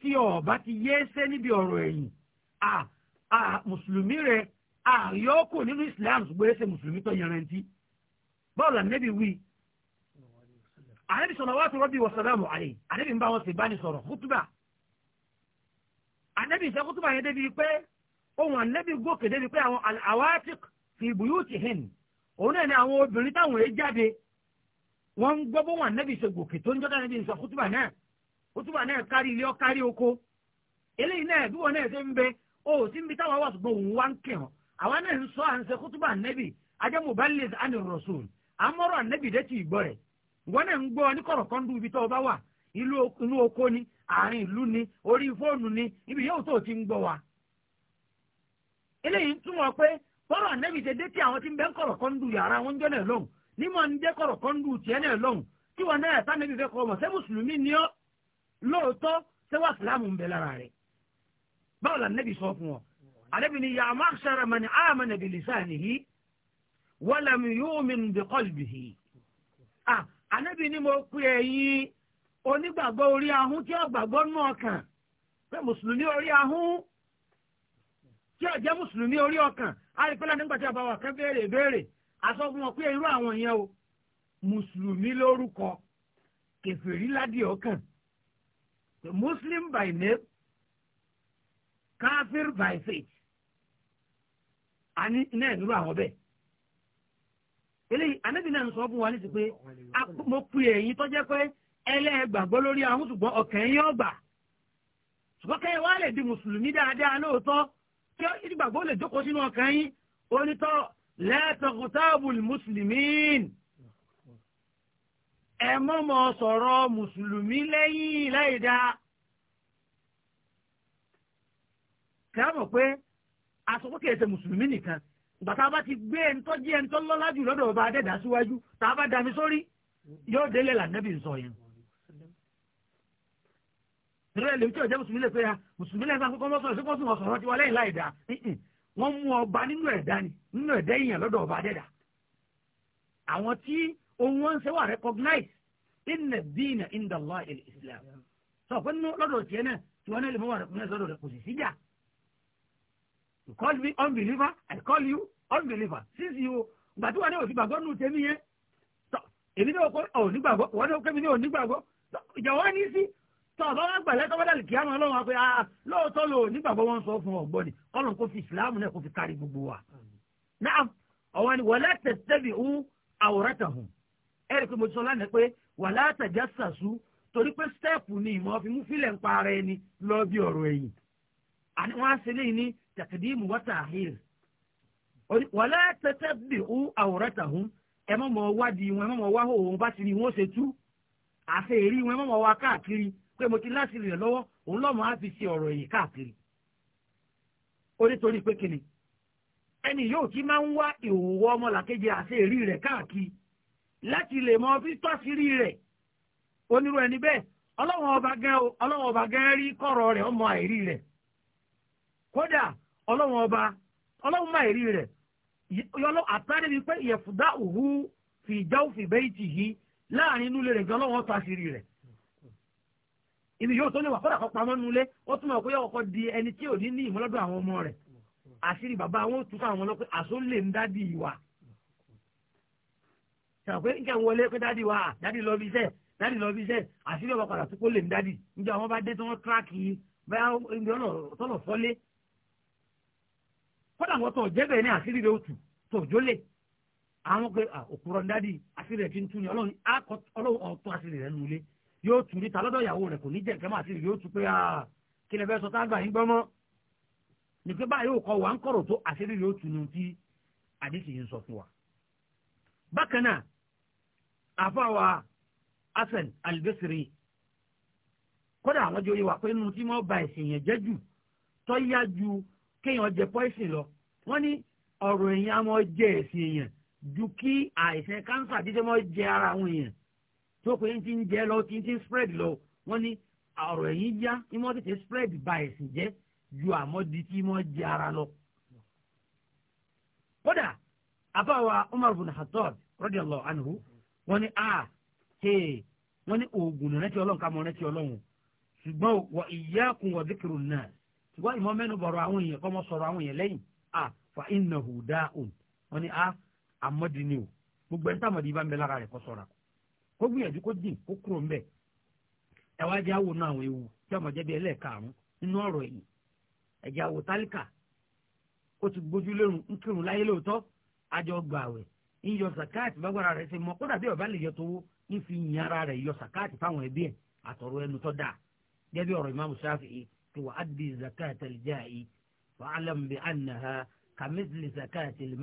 tí ọba ti yéésẹ́ níbi ọ̀rọ̀ ẹ̀yìn à à mùsùlùmí rẹ àyọkù nínú islam ṣùgbọ́n ẹsẹ̀ mùsùlùmí tó yanrantí báwo la nẹ́bi wí. ànábì salawatu rabbi wa salamu alayhi ànábì ń bá wọn sì bá ní sọ̀rọ̀ kútùbà ànábì ìṣe kútùbà yẹn débi pé ohun ànábì gòkè débi pé àwọn àwátìk fi buyutihin òun náà ni àwọn obìnrin táwọn èé jáde wọ́n ń gbọ́ bó wọn ànábì ìṣe gòkè tó ń jọ́ kútùbà náà kárí ilé ọ kárí oko eléyìí náà bí wọn náà mbe o si sí bi táwa wà ṣùgbọ́n àwa náà ń sọ à ń ṣe kútùbà nẹ́bì ajẹ́ mubaliz a rasul amọ́rọ̀ ànẹ́bì wọn náà o ni ilu ni ori ni ibi wa tí àwọn ti ń bẹ́ kọ̀rọ̀kọ́ndù yàrá wọn jẹ́ na lọ́hùn n'ime ń jẹ́ kọ̀rọ̀kọ́ndù lóòótọ́ sẹ́wà fìlàmù ń bẹ lára rẹ̀ báwo la nẹ́bi sọ fún ọ alẹ́bi ni yà má sara mani àmà nàbì lisanihi wàlà mi yóò mi bi qalbihi ah alẹ́bi ni mo pè é yín onígbàgbọ́ orí ahun tí ó gbàgbọ́ nù ọkàn pé mùsùlùmí orí ahun tí ó jẹ́ mùsùlùmí orí ọkàn àìpẹ́lẹ́ nígbà tí a wà kẹ́ béèrè béèrè àsọ fún wọn pé irú àwọn yẹn o mùsùlùmí lórúkọ kèfèrí ládìí ọkàn Muslim by name kafir by faith ani náà nírú àwọn bẹ́ẹ̀ eléyìí anábì náà ń sọ fún wa nísìsiyìí pé mo pè ẹ̀yin tó jẹ́ pé ẹlẹ́gbàgbọ́ lórí àwọn ṣùgbọ́n ọ̀kàn yín ọgbà ṣùgbọ́n kẹ́yẹ wá lè di mùsùlùmí dáadáa lóòótọ́ tí ìgbàgbọ́ lè jókòó sínú ọkàn yín onítọ̀ lẹ́tọ̀kùtàbùl mùsùlùmíìn mọ́mọ́ sọ̀rọ̀ mùsùlùmí lẹ́yìn láìda kí a mọ̀ pé asopọ̀ kìí ṣe mùsùlùmí nìkan ìgbà tá a bá ti gbé ẹnitọ́ jẹ́ ẹnitọ́ lọ́lá jù lọ́dọ̀ ọba adẹ́dà síwájú tá a bá dami sórí yóò délé lànàbì sọ yẹn. ìrọ̀lẹ́ lèmi tí ò jẹ́ mùsùlùmí lè pe ya mùsùlùmí lẹ́yìn sáà kọ́kọ́ sọ̀rọ̀ síkọ́ sùn ọ̀sọ̀rọ̀ tiwọn lẹ́yìn láìda wọ́n mú ọba nínú ẹ̀dá ni nínú ẹ̀dá èèyàn lọ́dọ̀ ọba adẹ́dà àwọn tí ohun wọn ń ṣe wà recognize inna ad-dina inda Allah al-Islam sọ pé nínú lọ́dọ̀ tiẹ̀ náà tí wọ́n náà lè mọ́ wà ní lọ́dọ̀ rẹ̀ kò sì síjà you call me unbeliever I call you unbeliever since you gbàtí wọn náà ò ti gbàgbọ́ nù tẹ́mi yẹn èmi náà kọ́ ọ̀ nígbàgbọ́ wọn náà kẹ́mi náà ò nígbàgbọ́ ìjọba ní sí tọ́ọ̀bá wọn gbà lẹ́tọ́ bọ́dà kí á máa lọ́wọ́ pé ah, lóòótọ́ lò nígbàgbọ́ wọn sọ fún ọ̀gbọ́n ni kọ́lọ̀ kó fi ìsìláàmù náà kó fi kárí gbogbo wa. náà ọ̀wọ́n ni wala tattabi'u wà látẹ̀jẹ́ torí pé stẹ́ẹ̀pù ni ìmọ̀ fi mú lọ bí ọ̀rọ̀ ẹ̀yìn àti wọ́n á ṣe léyìn ní tẹ̀kídìmù wọ́tà hill wà látẹ̀tẹ̀ ó àwòrán ẹ mọ̀ mọ̀ wọn ẹ mọ̀ mọ̀ wá òun bá ti rí wọn ṣe tú àṣẹ èrí wọn ẹ mọ̀ mọ̀ wá káàkiri pé mo ti láti rìn lọ́wọ́ òun láti lè mọ fi tọ́sírí rẹ̀ onírú ẹni bẹ́ẹ̀ ọlọ́wọ́n ọba gẹ́ ọlọ́wọ́n ọba rí kọ̀rọ̀ rẹ̀ ọmọ àìrí rẹ̀ kódà ọlọ́wọ́n ọba ọlọ́wọ́n máa rí rẹ̀ yọlọ́ àtàrí bíi pé ìyẹ̀fùdá òhu fi ìjà òfin bẹ́ẹ̀ ti yí láàrin inú rẹ̀ gan ọlọ́wọ́n rẹ̀ tó pamọ́ ilé ó túmọ̀ pé ọkọ̀ di ẹni tí ò sọ pé nǹkan wọlé pé dádì wà dádì lọ bí iṣẹ́ dádì lọ bí iṣẹ́ àṣírí ọba padà tó kó lè ní dádì níjọ àwọn bá dé tí wọ́n tíráàkì bẹ́ẹ̀ ibi ọ̀nà fọ́lé kódà wọn tó jẹ́ bẹ́ẹ̀ ní àṣírí rẹ̀ òtù tó jólè àwọn pé òkúrọ̀ dádì àṣírí rẹ̀ ti ń tún ní ọlọ́run ọ̀tún àṣírí rẹ̀ nulẹ̀ yóò tún níta lọ́dọ̀ ìyàwó rẹ̀ kò ní jẹ́ nǹkan mọ́ àṣírí rẹ̀ òtù bákan náà àfàwà hasan albisri kódà àwọn jòyè wà pé nínú tí wọ́n ba ẹ̀sìn yẹn jẹ́ jù tó yá ju kéèyàn jẹ pọ́ìsìn lọ wọ́n ní ọ̀rọ̀ èèyàn á mọ jẹ ẹ̀sìn èèyàn ju kí àìsàn kánsà dídé mọ jẹ ara àwọn èèyàn tó pé ń ti ń jẹ lọ ti ń ti ń spread lọ wọ́n ní ọ̀rọ̀ èyí yá ni wọ́n tètè spread ba ẹ̀sìn jẹ́ ju àmọ́dí tí wọ́n jẹ ara lọ. kódà àbáwa umar bin khattab radiyallahu anhu wọn ni a ah, hee wọn ni oògùn nìrètí ọlọ́run ká mọ nìrètí ọlọ́run ṣùgbọ́n wọ iyyakum wa dhikru náà ṣùgbọ́n ìmọ̀ mẹ́nu bọ̀rọ̀ àwọn èèyàn àwọn èèyàn a ah, fa innahu da'un wọ́n ní a ah, àmọ́dì ni o gbogbo ẹni táwọn bá ń bẹ lára kó gbìyànjú kó dín kó kúrò ẹ wá àwọn àwọn ewu tí ọmọ bí nínú yìí àjọ gbààwẹ̀ iyọ sàkáàtì bágbára rẹ̀ ṣe mọ kódà bí ọba lè yọ tó nífi yin ara fáwọn ẹbí ẹnu tó dáa gẹ́gẹ́ ọ̀rọ̀ ìmáàmù Ṣáfi'í tó wà á di zakat al-ja'i wa alam bi annaha kamithli zakat al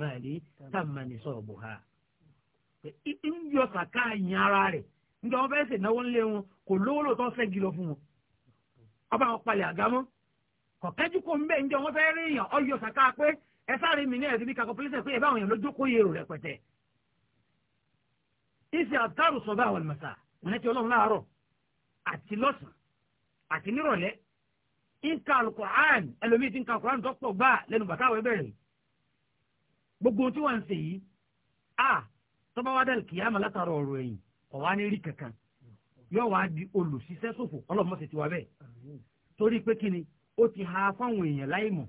ha iyọ wọn kò lówó fẹ́ ọba wọn àgámọ́ kọ̀kẹ́jú kò ń bẹ́ẹ̀ rí ẹ sáré mi ní ẹ̀sìn bí kakọ́pílẹ́sẹ̀ pé ẹ bá àwọn èèyàn lójókòó èrò rẹpẹtẹ. ìṣe àtàrò sọ̀bà àwọn àlùmọ̀sà ìrántí ọlọ́run láàárọ̀ àti lọ́sàn àti nírọ̀lẹ́ nka alukur'an ẹlòmíì ti nka alukur'an tó pọ̀ gbà lẹ́nu bàtà àwọn ẹbẹ̀rẹ̀ gbogbo tí wọ́n ń ṣe yìí a tọ́ba wa dàlù kìyàmà látara ọ̀rọ̀ ẹ̀yìn kọ̀ wá ní rí kankan yóò wá di olùṣiṣẹ́ ṣòfò ọlọ́mọ bẹ́ẹ̀ torí pé kíni ó ti ha fáwọn èèyàn láì mọ̀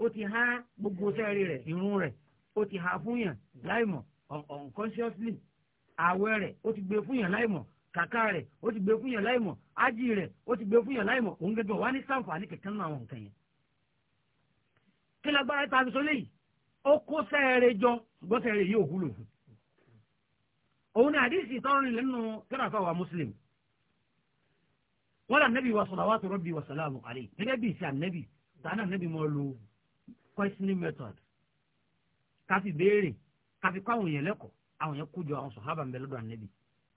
ó ti há gbogbo sẹ́ẹ̀rì rẹ̀ irun rẹ̀ ó ti há fún yàn láìmọ̀ unconsciously àwẹ̀ rẹ̀ ó ti gbé fún yàn láìmọ̀ kàkà rẹ̀ ó ti gbé fún yàn láìmọ̀ ájì rẹ̀ ó ti gbé fún yàn láìmọ̀ òun gẹ́gẹ́ wá ní sàǹfààní kẹ̀kẹ́ nínú àwọn nǹkan yẹn. kí lágbára ta àbísọ léyìí ó kó sẹ́ẹ̀rẹ̀ jọ ṣùgbọ́n sẹ́ẹ̀rẹ̀ yìí ò fún. òun ni àdìsí tọrọrin lẹ́nu kẹ́ràfà wa muslim wọ́n lànàbí wa salawatu rabbi wa salamu alayhi gẹ́gẹ́ bí ìsì ànàbí tàn questioning method ká fi béèrè ká fi kọ́ àwọn èèyàn lẹ́kọ̀ọ́ àwọn èèyàn kójọ àwọn sọ̀hábà ń bẹ lọ́dọ̀ ànábì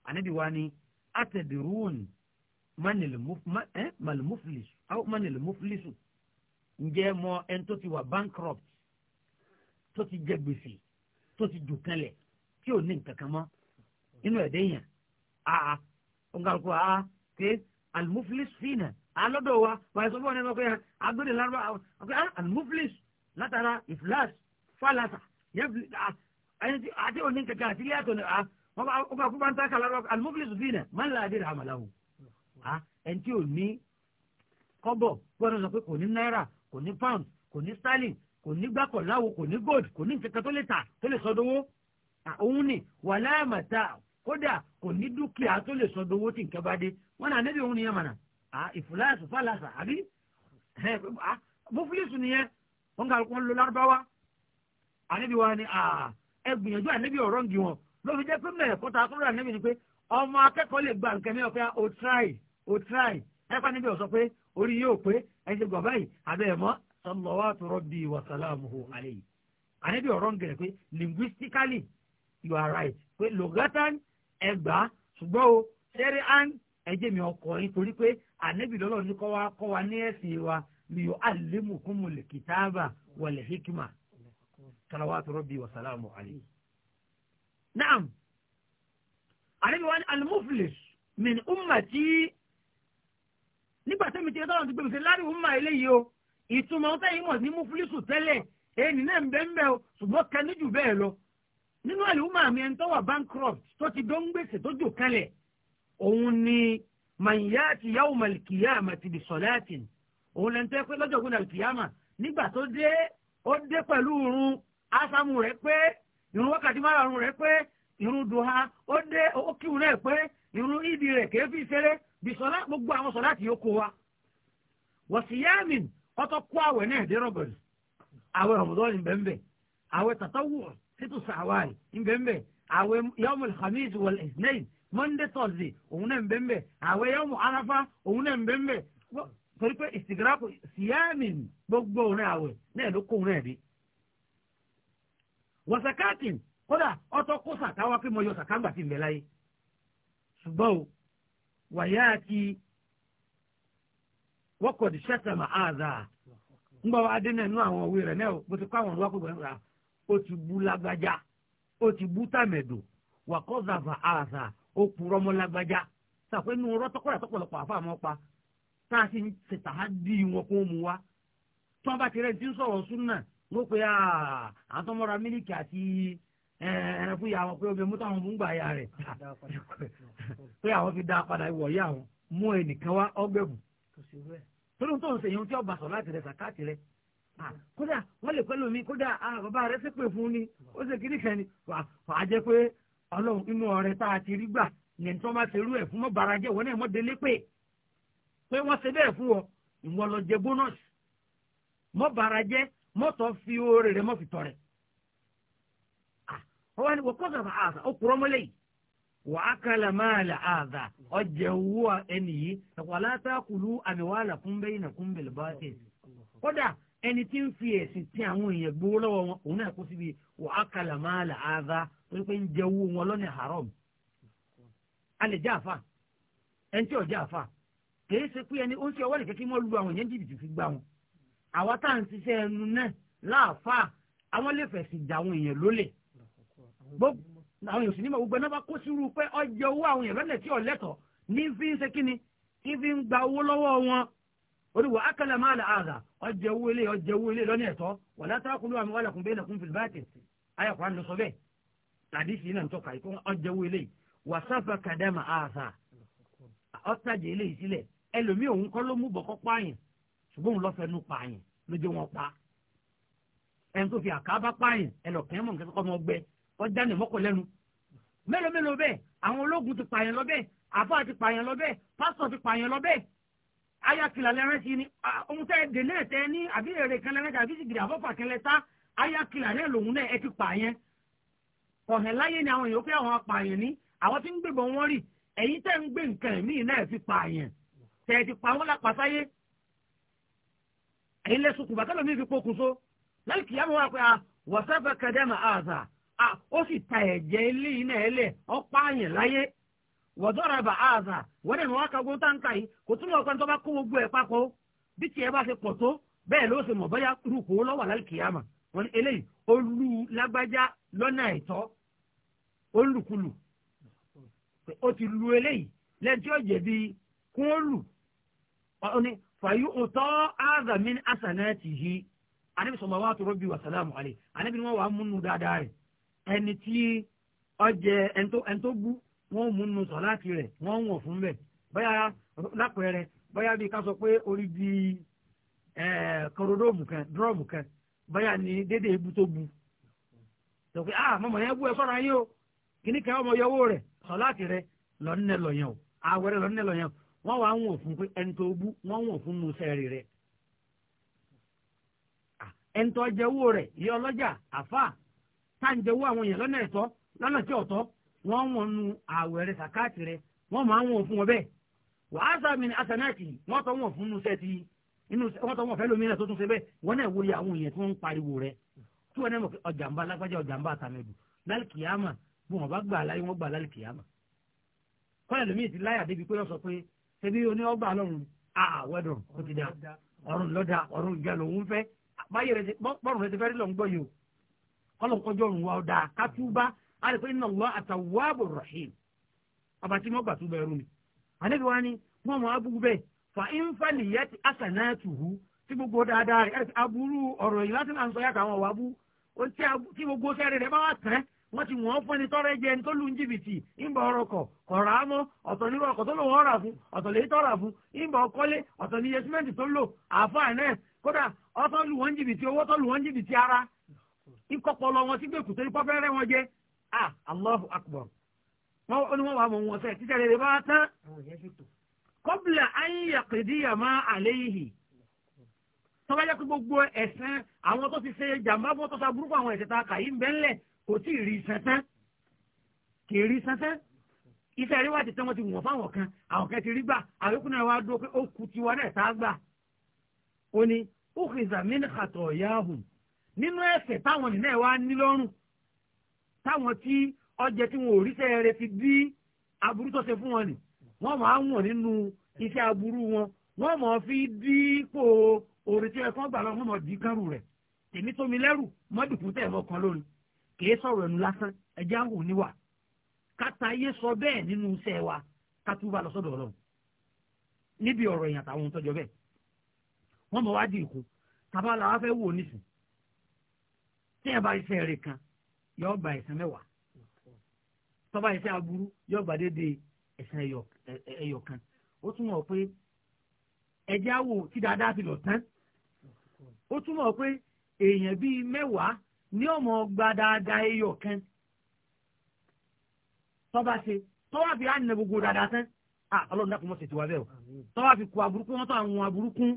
ànábì wa ni atẹ̀dẹ̀rún manilmufilisu aw manilmufilisu ǹjẹ́ mọ ẹni tó ti wà bankrupt tó ti jẹ gbèsè tó ti jù kanlẹ̀ tí ò ní nǹkan kan mọ́ inú ẹ̀dẹ́ yẹn àà ọ̀gáǹkó àà ké almufilisu fínà alọ́dọ̀ wa wàá sọ fún ọ ní ẹni wọ́n pé agbẹ́dẹ̀ lárúbá ọ̀gá almufilisu látara ìfìlàs fàlàsà àti òní kẹkẹ àti ilé àtọ̀ nìyà a bá kú bá ń ta kàlá rọ alimọ́bìlì sùfì nà má ń la àdéhà àmàlàwò ẹni tí ò ní kọ́bọ̀ sọ pé kò ní náírà kò ní pound kò ní sterling kò ní gbàkọ̀ láwo kò ní gold kò ní nǹkan tó lè tà tó lè sọdowó òun ni wàhálà àmàta kódà kò ní dúkìá tó lè sọdowó tí nǹkan bá dé wọn náà níbi òun nìyẹn mọ̀nà ìfúláṣù fàlàṣà àbí mọ́fílíṣù wọn kà kún ló lárúbáwá àníbi wa ni ẹ gbìyànjú àníbi ọ̀rọ̀ ń gi wọn ló fi jẹ́ pé mẹ́rẹ̀ kọ́ta tó rà ni pé ọmọ akẹ́kọ̀ọ́ lè gba nǹkan mẹ́wàá o try o try ẹ pa níbi ọ̀sọ́ pé orí yóò pé ẹ ṣe gbà báyìí àbẹ́ ẹ̀ mọ́ salawatu rabbi wa salamuhu alayhi àníbi ọ̀rọ̀ ń gẹ̀rẹ̀ pé linguistically you are right pé logatan ẹgbà ṣùgbọ́n o ṣẹ́rí án ẹ̀jẹ̀ mi ọkọ̀ yín torí pé àníbi lọ́lọ́ ní kọ́ wa kọ́ wa ní ẹ̀sìn wa liyo alimukumul kitaba wal hikima salawatu rabbi wa salamu alayhi. Naam, àríbi wa ni al-muflis min ummati nígbà tẹ́mi tí ọlọ́run ti gbé mi sí lárí umma eléyìí o ìtumọ̀ tẹ́yìn mọ̀ ní muflisu tẹ́lẹ̀ èyí náà ń bẹ́ ń bẹ́ o ṣùgbọ́n kẹ́ni jù bẹ́ẹ̀ lọ nínú àlùmọ́ mi ẹni tó wà bankrupt tó ti dó ń gbèsè tó jò kalẹ̀ òun ni man yati yawmal qiyamati bi òun lẹ́nu tẹ́ pé lọ́jọ́ ògbóni àlùkìyàmà nígbà tó dé ó dé pẹ̀lú irun ásámù rẹ̀ pé irun wákàtí márùn rẹ̀ pé irun duha ó dé ó kíwù náà pé irun ìdí rẹ̀ kéfì ṣeré bisọ́lá gbogbo àwọn wa wọ̀síyáàmì ọtọ kó àwẹ̀ náà dé rọ̀bẹ̀rì àwẹ̀ Ramadan ní bẹ́ẹ̀ bẹ́ẹ̀ àwẹ̀ tàtàwù títù bẹ́ẹ̀ àwẹ̀ monday thursday òun náà ń bẹ́ẹ̀ torí pé ìsìgìrápò síyáàmì gbogbo òun náà àwẹ̀ náà ló kó òun náà dé. wọ̀sàkáàtì kódà ọtọ kó sàkáwá pé mo yọ sàkáǹgbà ti mẹ́lá yìí ṣùgbọ́n o wàyà àti wọ́kọ̀dì ṣẹ́tàmà àzà ńgbà wa adé náà nú àwọn òwe rẹ̀ náà bó ti kọ́ àwọn olùwàpọ̀ gbẹ̀rẹ̀ rà ó ti bú lágbájá ó ti bú tàmẹ̀dò wàkọ́ zàfà àzà ó purọ́ mọ́ lágbájá sàpé nínú tá a sì ń ṣètàádì wọn kó mu wá tí wọ́n bá ti rẹ̀ ti ń sọ̀rọ̀ súnà ló pe àtọmọ́ra mílíkì àti ẹran fún ìyá wọn pé obìnrin mú táwọn mú gbà ya rẹ̀ pé àwọn fi dá a padà wọ̀ ya wọn mú ẹnìkan wá ọgbẹ́bù torí tó ń sèyí tí ọba sọ láti rẹ̀ sàkáàtì rẹ̀ kódà wọ́n lè pẹ́lú mi kódà bàbá rẹ̀ ṣépè fún ni ó ṣe kiri kan ni wàá jẹ́ pé ọlọ́run inú ọ̀rẹ́ tá a ti rí gbà ní ẹni tó máa ṣerú ẹ̀ fún mọ́ bara jẹ́ wọ́n náà mọ́ délé pé pé wọ́n ṣe bẹ́ẹ̀ fún ọ ìwọ lọ jẹ bónọ́ọ̀sì mọ́ bàrà jẹ́ mọ́tò fi oore rẹ̀ mọ́ fi tọrẹ. ọwọ́ ni wọ́n kọ́ sọ̀rọ̀ àzà ó kúrọ́ mọ́lẹ̀ yìí wà á kalẹ̀ máa lẹ̀ àzà ọjẹ́ owó ẹni yìí ẹ̀kọ́ alátakùlù àmìwálà kúnbẹ́ yìí nà kúnbẹ̀ lè bá tẹ̀. kódà ẹni tí ń fi ẹ̀sìn tí àwọn èèyàn gbowó lọ́wọ́ wọn òun náà kó síbi wà á kalẹ̀ máa lẹ̀ àzà pé ń jẹ owó wọn lọ́nà haram. a lè jẹ́ àfa tí ò jẹ́ kèé ṣe pé ẹni ó ń ṣe ọwọ́ nìkan kí wọ́n lu àwọn yẹn jìbìtì fi gbà wọn àwa tá à ń ṣiṣẹ́ ẹnu náà láàfáà àwọn lè fẹ̀sìn jà àwọn èèyàn lólè àwọn èèyàn sì ní ma gbogbo náà bá kó sírú pé ọjọ́ owó àwọn èèyàn lọ́nà tí ọ̀lẹ́tọ̀ ní fi ń ṣe kíni kí fi ń gba owó lọ́wọ́ wọn oríwọ̀ akala máa là àgà ọjọ́ owó ilé ọjọ́ owó ilé lọ́nà ẹ̀tọ́ wà látàkùn lóhùn àwọn àlàkùn bẹ́ẹ̀ lẹ́kùn fìlbáàtì ayọ̀kọ̀ àná sọ bẹ́ẹ̀ làdísì ẹlòmíì òun kọ́ ló mú bọ̀ kọ́pọ̀ àyàn ṣùgbọ́n òun lọ́fẹ̀ẹ́nu pa àyàn lójú wọn pa ẹni tó fi àkàbá pa àyàn ẹlòkẹ́ mọ̀ nǹkan kọ́ ọmọ ọgbẹ́ wọ́n dáná mọ́kọ̀ lẹ́nu mélòó mélòó bẹ́ẹ̀ àwọn ológun ti pààyàn lọ bẹ́ẹ̀ àfáà ti pààyàn lọ bẹ́ẹ̀ pásítọ̀ ti pààyàn lọ bẹ́ẹ̀ ayakila lẹ́rẹ́ sí ni ohun tẹ́ dèlé tẹ́ ní àbí èrè kan lẹ́rẹ́ tàbí sìgìdì àbọ̀fà kẹlẹ́ tá ayakila náà lòun náà ẹ ti pààyàn ọ̀hẹ̀ láyé ni àwọn èèyàn pé àwọn apààyàn ní àwọn tí ń gbébọn wọn rì èyí tẹ́ ń gbé nǹkan míì náà fi pààyàn tẹ̀ ti pa wọ́n lápá sáyé ẹ̀yin lẹ́sùn kùbà tẹ́lẹ̀ mi fi pokùn so láì kìí àwọn àpẹ́ à wọ́sẹ́fẹ́ kẹdẹ́mà àzà à ó sì ta ẹ̀jẹ̀ ilé iná ẹ̀ lẹ̀ ọ̀pá àyàn láyé wọ́dọ̀rọ̀ bà àzà wọ́n dẹ̀ ní wọ́n kagbó táǹkà yìí kò bá kó gbogbo ẹ̀ bí tiẹ̀ bá ṣe pọ̀ tó bẹ́ẹ̀ ló ṣe mọ̀ lọ́wọ́ ó ní fàyú òtọ́ áàzàmí àsànáàtì yìí anábì sọ̀rọ̀ wá tọrọ bí wàsálàmù alẹ́ anábì ni wọ́n wà múnú dáadáa rẹ̀ ẹni tí ọjẹ́ ẹni bú wọ́n múnú sọ̀ láti rẹ̀ wọ́n wọ̀ fún bẹ́ẹ̀ lápẹ̀rẹ̀ bí ká sọ pé orí bí kan dúrọ́ọ̀mù kan ni dédé ebu tó bu tó pé ah mọ̀mọ́ yẹn bú ẹ sọ́ra yín o kìnnìkan ọmọ yọwọ́ rẹ̀ sọ̀ láti rẹ̀ o wọ́n wá ń wọ̀n fún pé ẹni tó bú wọ́n wọ̀n fún musẹ́ rere ẹni tó jẹ́wọ́ rẹ̀ ìyá ọlọ́jà àfà tá ń jẹ́wọ́ àwọn èèyàn lọ́nà ẹ̀tọ́ lọ́nà tí ọ̀tọ́ wọ́n wọ̀n nu àwẹ̀ wọ́n máa ń fún wọn bẹ́ẹ̀ sàmì asanáàtì wọ́n fún ti inú wọ́n fẹ́ lómi náà tó tún pariwo rẹ̀ tí wọ́n náà Sebi oni ọgbà lọ́rùn àwẹ̀dùn ó ti dà ọ̀run lọ́dà ọ̀run ìjà lòun fẹ́ báyìí rẹ̀ bọ́ọ̀rùn rẹ̀ ti fẹ́ rí lọ́n gbọ́ yìí o kọ́lọ̀kọ́jọ́ òun wa ọ̀dà kátúbá àti pé nàlọ́ àtàwáàbò rahim abatí mọ́gbà tó bẹ̀rù mi. àlebi wa ni wọn mọ abugu bẹ́ẹ̀ fa infali yẹ ti asànà tuhu tí gbogbo dáadáa rẹ̀ aburú ọ̀rọ̀ yìí láti náà sọ yàtọ̀ àwọn ọ̀wá bú tí gbogbo sẹ́rẹ̀ rẹ̀ bá wà tẹ́ wọ́n ti wọ́n fún ẹni tọ́rẹ́ jẹ ẹni tó lu jìbìtì ìbọn ọ̀rọ̀ kọ̀ kọ̀ọ̀rọ̀ àmọ́ ọ̀tọ̀ nírú ọkọ̀ tó lò wọ́n fún ọ̀tọ̀ lè tọ́ra fún ìbọn ní tó lò lu jìbìtì owó lu jìbìtì ara ìkọ̀pọ̀lọ wọn sí gbèkú torí pọ́fẹ́rẹ́ wọn jẹ ah Allahu Akbar wọn ni wọn wà mọ wọn sẹ títẹ rere kò tí ì rí iṣan tán kì í rí iṣan tán iṣẹ́ rí wá ti tán wọ́n ti wọ̀n fáwọn kan àwọn kan ti rí gbà àyókù náà wá dúró pé ó kú tiwa náà tá a gbà ó ní ó kì í zàmínì kàtọ̀ yahùn nínú ẹ̀ṣẹ̀ táwọn nìyẹn wá ní lọ́rùn táwọn tí ọjẹ tí wọn ò ríṣẹ́ rẹ fi bí aburú tó ṣe fún wọn nì wọ́n máa ń wọ̀n nínú iṣẹ́ aburú wọn wọ́n mọ̀ fi dípò orí tí ẹ̀kọ́ gbà lọ́wọ́ mọ̀ dí kárù rẹ̀ tèmi lẹ́rù mọ́dùkú tẹ̀ mọ́ lónìí kìí sọ̀rọ̀ ẹnu lásán ẹjẹ́ àwò níwà kátàyé sọ bẹ́ẹ̀ nínú iṣẹ́ wa kátúbà lọ́sọ̀dọ̀ ọlọ́run níbi ọ̀rọ̀ èèyàn àtàwọn ohun tọ́jọ́ bẹ́ẹ̀ wọ́n mọ̀ wá di ìkú tàbá làwa fẹ́ wò nísìn tí ẹ bá iṣẹ́ rẹ̀ kan yọ gba ẹ̀san mẹ́wàá tọ́ba iṣẹ́ aburú yọ gba dédé ẹ̀san ẹyọ kan ó túmọ̀ pé ẹjẹ́ àwò tí dáadáa ti lọ tán ó túmọ̀ pé èèyàn bíi mẹ́wàá ní ọmọ ọgbà dáadáa eyọ kan tọ́ba ṣe tọ́wá fi ànínà gbogbo dáadáa tán à ọlọ́run dàpọ̀ mọ́ ṣètò wa bẹ́ẹ̀ o tọ́wá fi kó aburú kó wọ́n tó àwọn aburú kún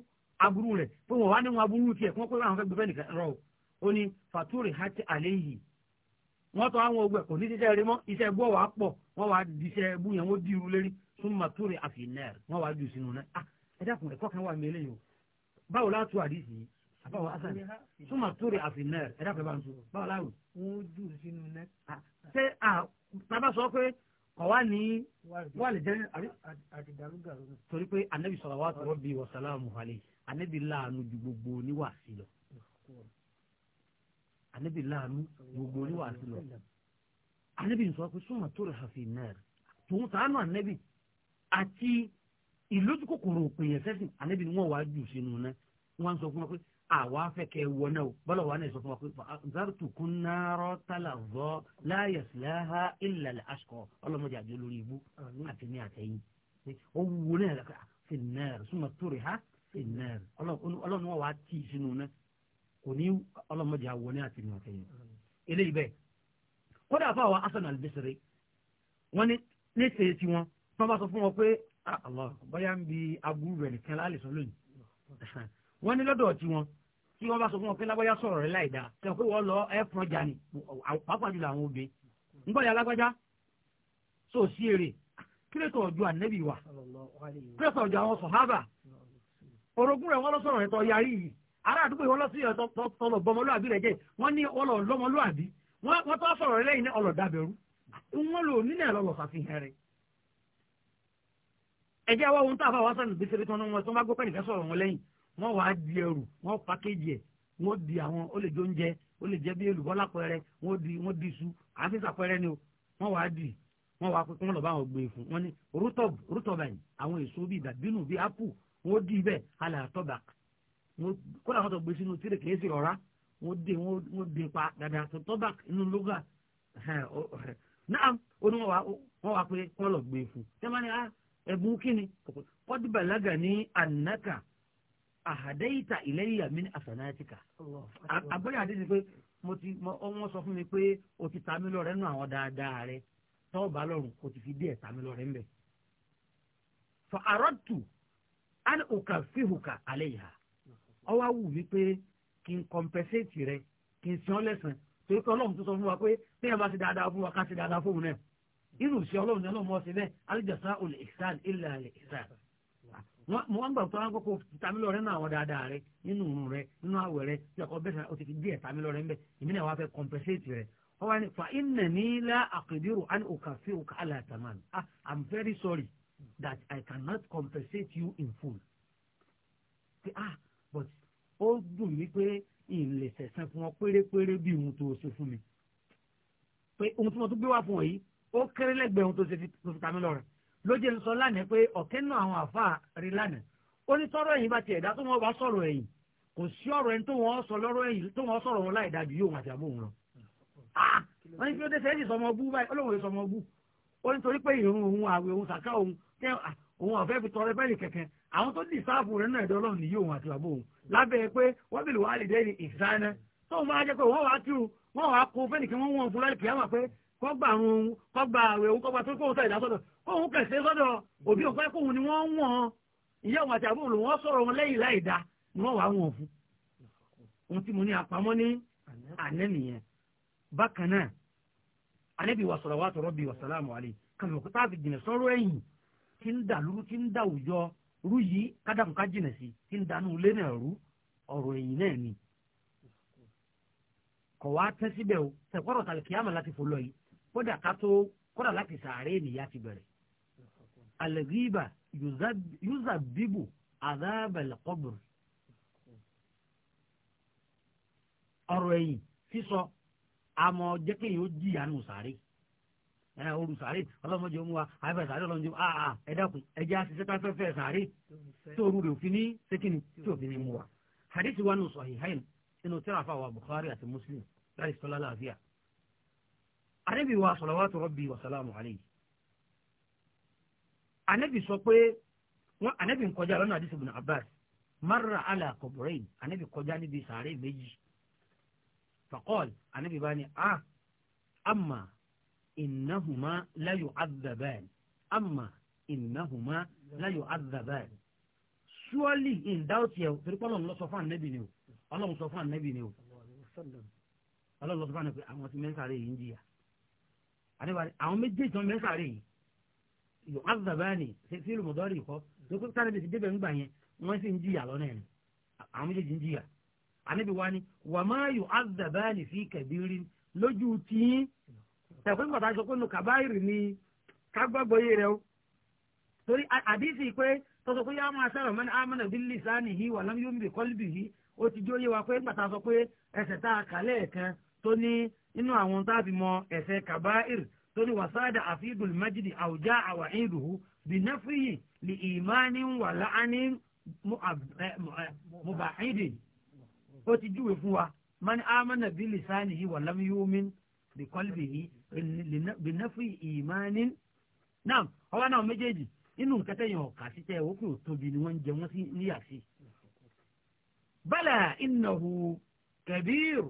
aburú rẹ̀ pé wọ́n wá ní wọn aburú tiẹ̀ kó wọ́n pé àwọn fẹ́ gbẹ́fẹ́ nìkan rọ ó ní fàtúrì hàtì àlẹ́ yìí wọ́n tọ́ àwọn ogun ẹ̀kọ́ ní títẹ́ rí mọ́ iṣẹ́ gbọ́ wàá pọ̀ wọ́n wàá diṣẹ́ ẹbú yẹn wọ́n dìrú lérí fún matúrì àfìnẹ́ẹ̀rì wọ́n wàá dùn sínú náà ah, ẹ dákun ẹ̀kọ́ kan wà mí eléyìí o báwo látú àdìsí yìí àbáwọ asan súnmọ tóri àfinẹ ẹdá pẹ bá ń sọ báwo láwù. wọn jù sínú nẹ. ṣé bàbá sọ pé kọ̀wá ní wà lè jẹ́ àdìdàlúgàrú. torí pé anabi salawatu rabbi wa salamu alayhi anabi láàánú ju gbogbo oníwàásí lọ anabi láàánú gbogbo oníwàásí lọ anabi sọ pé súnmọ tóri àfinẹ tòun sànù anabi àti ìlójúkòkòrò òpèyàn sẹ́sìn anabi ni wọ́n wá jù sínú náà wọ́n sọ fún wa pé àwa fẹ́kẹ̀ wọ náà bọ́lá wa náà sọ fún wa pé zartu zọ láyà síláha ìlàlẹ̀ aṣọ ọlọ́mọdé àjọ lórí ibú àti ní àtẹ̀yìn ó náà súnmọ́ torí ha wa wà á tì í sínú náà kò ní ọlọ́mọdé àwọ̀ àti ní asan albisiri wọn ní ní tí wọ́n bá sọ fún wọn pé lágbájá sọ̀rọ̀ rẹ láìda sọ pé wọ́n lọ ẹ̀fọn jà ní pàápàá jùlọ àwọn obìnrin ńgbọ́dọ̀ alágbájá sọ sí èrè kílẹ̀tọ̀ ọjọ́ ànẹ́bì wa kílẹ̀tọ̀ ọjọ́ àwọn sọ̀hábà orogún rẹ̀ wọ́n lọ sọ̀rọ̀ ẹ̀tọ́ yarí yìí ará àdúgbò lọ sí bọmọlúàbí rẹ̀ jẹ́ wọ́n ní wọ́n tọ́ sọ̀rọ̀ rẹ̀ lẹ́yìn wọ́n wàá di ẹrù wọ́n pàkéjì ẹ̀ wọ́n di àwọn ó lè jẹ oúnjẹ ó lè jẹ bí olùbọ́lá pẹrẹ wọ́n di wọ́n di iṣu àfíìsà pẹrẹ ni o wọ́n wàá di wọ́n wàá pé wọ́n lọ bá àwọn gbé fún wọn ni rútọ̀bù rútọ̀bù ẹ̀yìn àwọn èso bíi dàbínú bíi ápù wọ́n di bẹ́ẹ̀ alẹ́ àtọ́bà kó làwọn tó gbé sínú tírè kìí sí ọ̀rá wọ́n dé wọ́n dé pa dáadáa tó tọ́bà inú lóga náà wọ́n wàá pé wọ́n lọ gbé fún tẹ́wọ́n ah, ni ẹ̀bùn kíni kọ́dìbàlágà ní ànákà àhàdẹ́yìtà ìlẹ́yìyà mi ní àsànáyàtìkà àgbẹ̀rẹ̀ àdéhùn pé mo ti wọ́n sọ fún mi pé o ti ta mí lọ́rẹ́ nù àwọn dáadáa rẹ tọ́ọ̀bà lọ́rùn o ti fi díẹ̀ ta mí lọ́rẹ́ ńbẹ̀. fa àrọ́tù án òkà fíhùkà alẹ́ yìí ha ọwọ́ awù mi pé kí n kọ́mpẹ́sẹ̀tì rẹ kí n san lẹ́sàn torí pé ọlọ́run tó sọ fún wa pé bí ẹ bá ti dáadáa fún wa ká ti dáadáa fóun náà irú ìṣe ọlọ́run ni ọlọ́run mọ̀ ọ́ sí bẹ́ẹ̀ alìjẹsà olè ìsàn ilẹ̀ alẹ́ ìsàn mo ń gbà pé wọn kọ́kọ́ tamilọrẹ náà àwọn dáadáa rẹ nínú òun rẹ nínú àwẹ̀ rẹ tí ọkọ bẹsẹ o ti fi díẹ̀ tamilọrẹ ń bẹ èmi náà wàá fẹ́ compensate rẹ wọn wá ní fa iná ní ilá àkèdèrò àni òkàfé òkà àlàtàmán ah i'm very sorry that i cannot compensate you in full pé ah but ó dùn mí pé ìlè sẹ̀sán fún ọ pérépéré bí ohun tó ṣe fún mi pé ohun tí wọn tún gbé wá fún ọ yìí ó kéré lẹ́gbẹ̀ẹ́ ohun tó ṣe fi tamilọrẹ lójú ń sọ lánàá pé ọ̀kẹ́ náà àwọn àfa rí lánàá ó ní sọ̀rọ̀ ẹ̀yìn bá tiẹ̀ dá tó wọn bá sọ̀rọ̀ ẹ̀yìn kò sí ọ̀rọ̀ ẹni tó wọn sọ lọ́rọ̀ ẹ̀yìn tó wọn sọ̀rọ̀ wọn láì dájú yóò wọn àtàbò wọn. wọ́n ní kí ló dé sẹ́yìn sọmọ bú báyìí olóhùn yìí sọmọ bú ó ní torí pé ìrun òun àwẹ̀ òun sàká òun tẹ́ òun ọ̀fẹ́ fi tọrẹ bẹ́ẹ̀ kẹ̀kẹ́ àwọn tó dìsáàbù rẹ̀ náà dọ́lọ́ ní yóò wọn àtàbò wọn lábẹ́ pé wọ́n bìlì wàá lè dẹ́ ni ìsáná tóun bá jẹ́ pé wọ́n wàá kírun wọ́n wàá kó fẹ́nìkan wọ́n wọ́n fún láì pè é àwọn pé kọ́gbà àwọn ohun kọ́gbà àwẹ̀ òun kọ́gbà tó kóhun sàìdá sọ́dọ̀ kóhun kẹsẹ̀ sọ́dọ̀ òbí òkú ẹkùn ni wọ́n wọ̀n ìyá òun àti àbúrò lòun wọ́n sọ̀rọ̀ wọn lẹ́yìn láìda ni wọ́n wà wọ̀n fún ohun tí mo ní àpamọ́ ní àná nìyẹn bákan náà ànábì wa wa tọ̀rọ̀ bí wa sàlámù alẹ́ òkú tá a fi jìnà sọ́rọ̀ ẹ̀yìn tí ń dà lóru tí ń dà òjọ rú yìí kádàkùn ká jìnà sí tí ń danú lé náà rú ọ̀rọ̀ ẹ̀yìn náà ni kọ̀ wá tẹ́ síbẹ̀ o tẹ̀kọ́rọ̀ tàlẹ́ kìámà láti fò lọ yìí kódà ká tó kódà láti sàárè nìyá ti bẹ̀rẹ̀ alẹ́gíbà yúzà bíbù àdábẹ̀lẹ̀ kọ́bùrù ọ̀rọ̀ ẹ̀yìn sísọ àmọ́ jẹ́ pé yóò jìyà nù sàárè ẹ oru sàárè ọlọ́mọdé ọmú wa àìbẹ̀ sàárè ọlọ́mọdé ọmú àà ẹ dákun ẹjẹ́ àṣìṣe pẹ́ẹ́fẹ́ sàárè tó oru rẹ̀ òfin ní sékìnì tí òfin ní mu wa hadith wa nù sọ̀hìn hayin inú tẹ́lá fáwọn Bukhari àti Muslim láì sọ́lá láàfíà anabi wa salawatu rabbi wa salamu alayhi anabi sọ pé wọn anabi nkọjá lọ́nà àdìsí ibn abbas marra ala kuburain anabi kọjá níbi sàárè méjì faqal anabi bá ní a ah, amma innahuma la yu'adhaban amma innahuma la yu'adhaban surely in doubt yẹ torí pé ọlọ́run lọ sọ fún anabi ni o ọlọ́run sọ fún anabi ni o ọlọ́run lọ sọ fún anabi àwọn tí mẹ́ta yìí ń jìyà àdébàdé àwọn méjèèjì wọn mẹ́sàárẹ̀ yìí yóò azabani sí lùmọ̀dọ́rì kọ́ lókè sáré bèsì débẹ̀ ńgbà yẹn wọ́n sì ń jìyà lọ́nà ẹ̀ àwọn méjèèjì ń jìyà ànábì wa ni wà má yóò azabani fi kẹ̀bírí lójú tìyín tẹ̀kọ́ nígbà tá a sọ pé nù kàbáyìrì ni kágbàgbọ́ yé rẹ o torí àdìsí pé tọ́sọ pé yá máa sẹ́rọ̀ mẹ́ni amẹ́nà bí lìsáàni yìí wà lámúyó mi kọ́líbì yìí ó ti jó yé wa pé nígbà tá a pé ẹsẹ̀ tá a kà lẹ́ẹ̀kan tó ní nínú àwọn táàbì mọ ẹ̀ṣẹ̀ kàbáìr tó ní wàsáàdà àfihàn májìdì àwùjá àwàhìn ìlú bìnáfíyì lè ìmánì wà láàánì mùbàhídì ó ti júwe fún wa mani amana bi lisanihi wa lam yumin bi qalbihi bi nafi imanin naam ọwọ́ náà méjèèjì inú nkẹtẹ yẹn ọ̀kà tẹ ó kò tóbi ni wọ́n jẹ wọ́n sí níyà bala innahu kabiru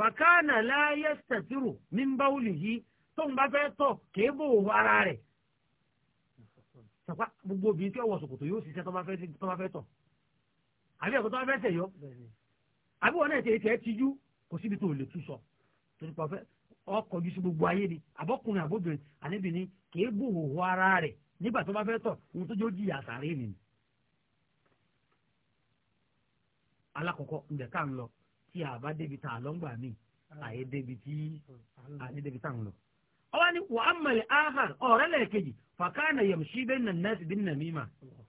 fàkánà láyé sẹ̀tìrù ní báwùlì yìí tó ń bá fẹ́ tọ̀ bò wọ ara rẹ̀ sọ̀pá gbogbo obìnrin tí ó wọ ṣòkòtò yóò ṣiṣẹ́ tó bá fẹ́ tọ̀ àbí ẹ̀kọ́ tó bá fẹ́ àbí wọn náà tijú kò síbi tó lè sọ torí gbogbo ayé ni àbóbìnrin àníbìnrin bò wọ ara nígbà tó bá tí a bá débi tá a lọ ń gbà mí ah. àyè débi tí àyè ah. débi tá a lọ. ọwọ́ ni wà á mọ̀lẹ̀ ahar ọ̀rẹ́ lẹ́ẹ̀kejì fàkànà yamshi bẹ́ẹ̀ nà nẹ́ẹ̀sì bí nàmímà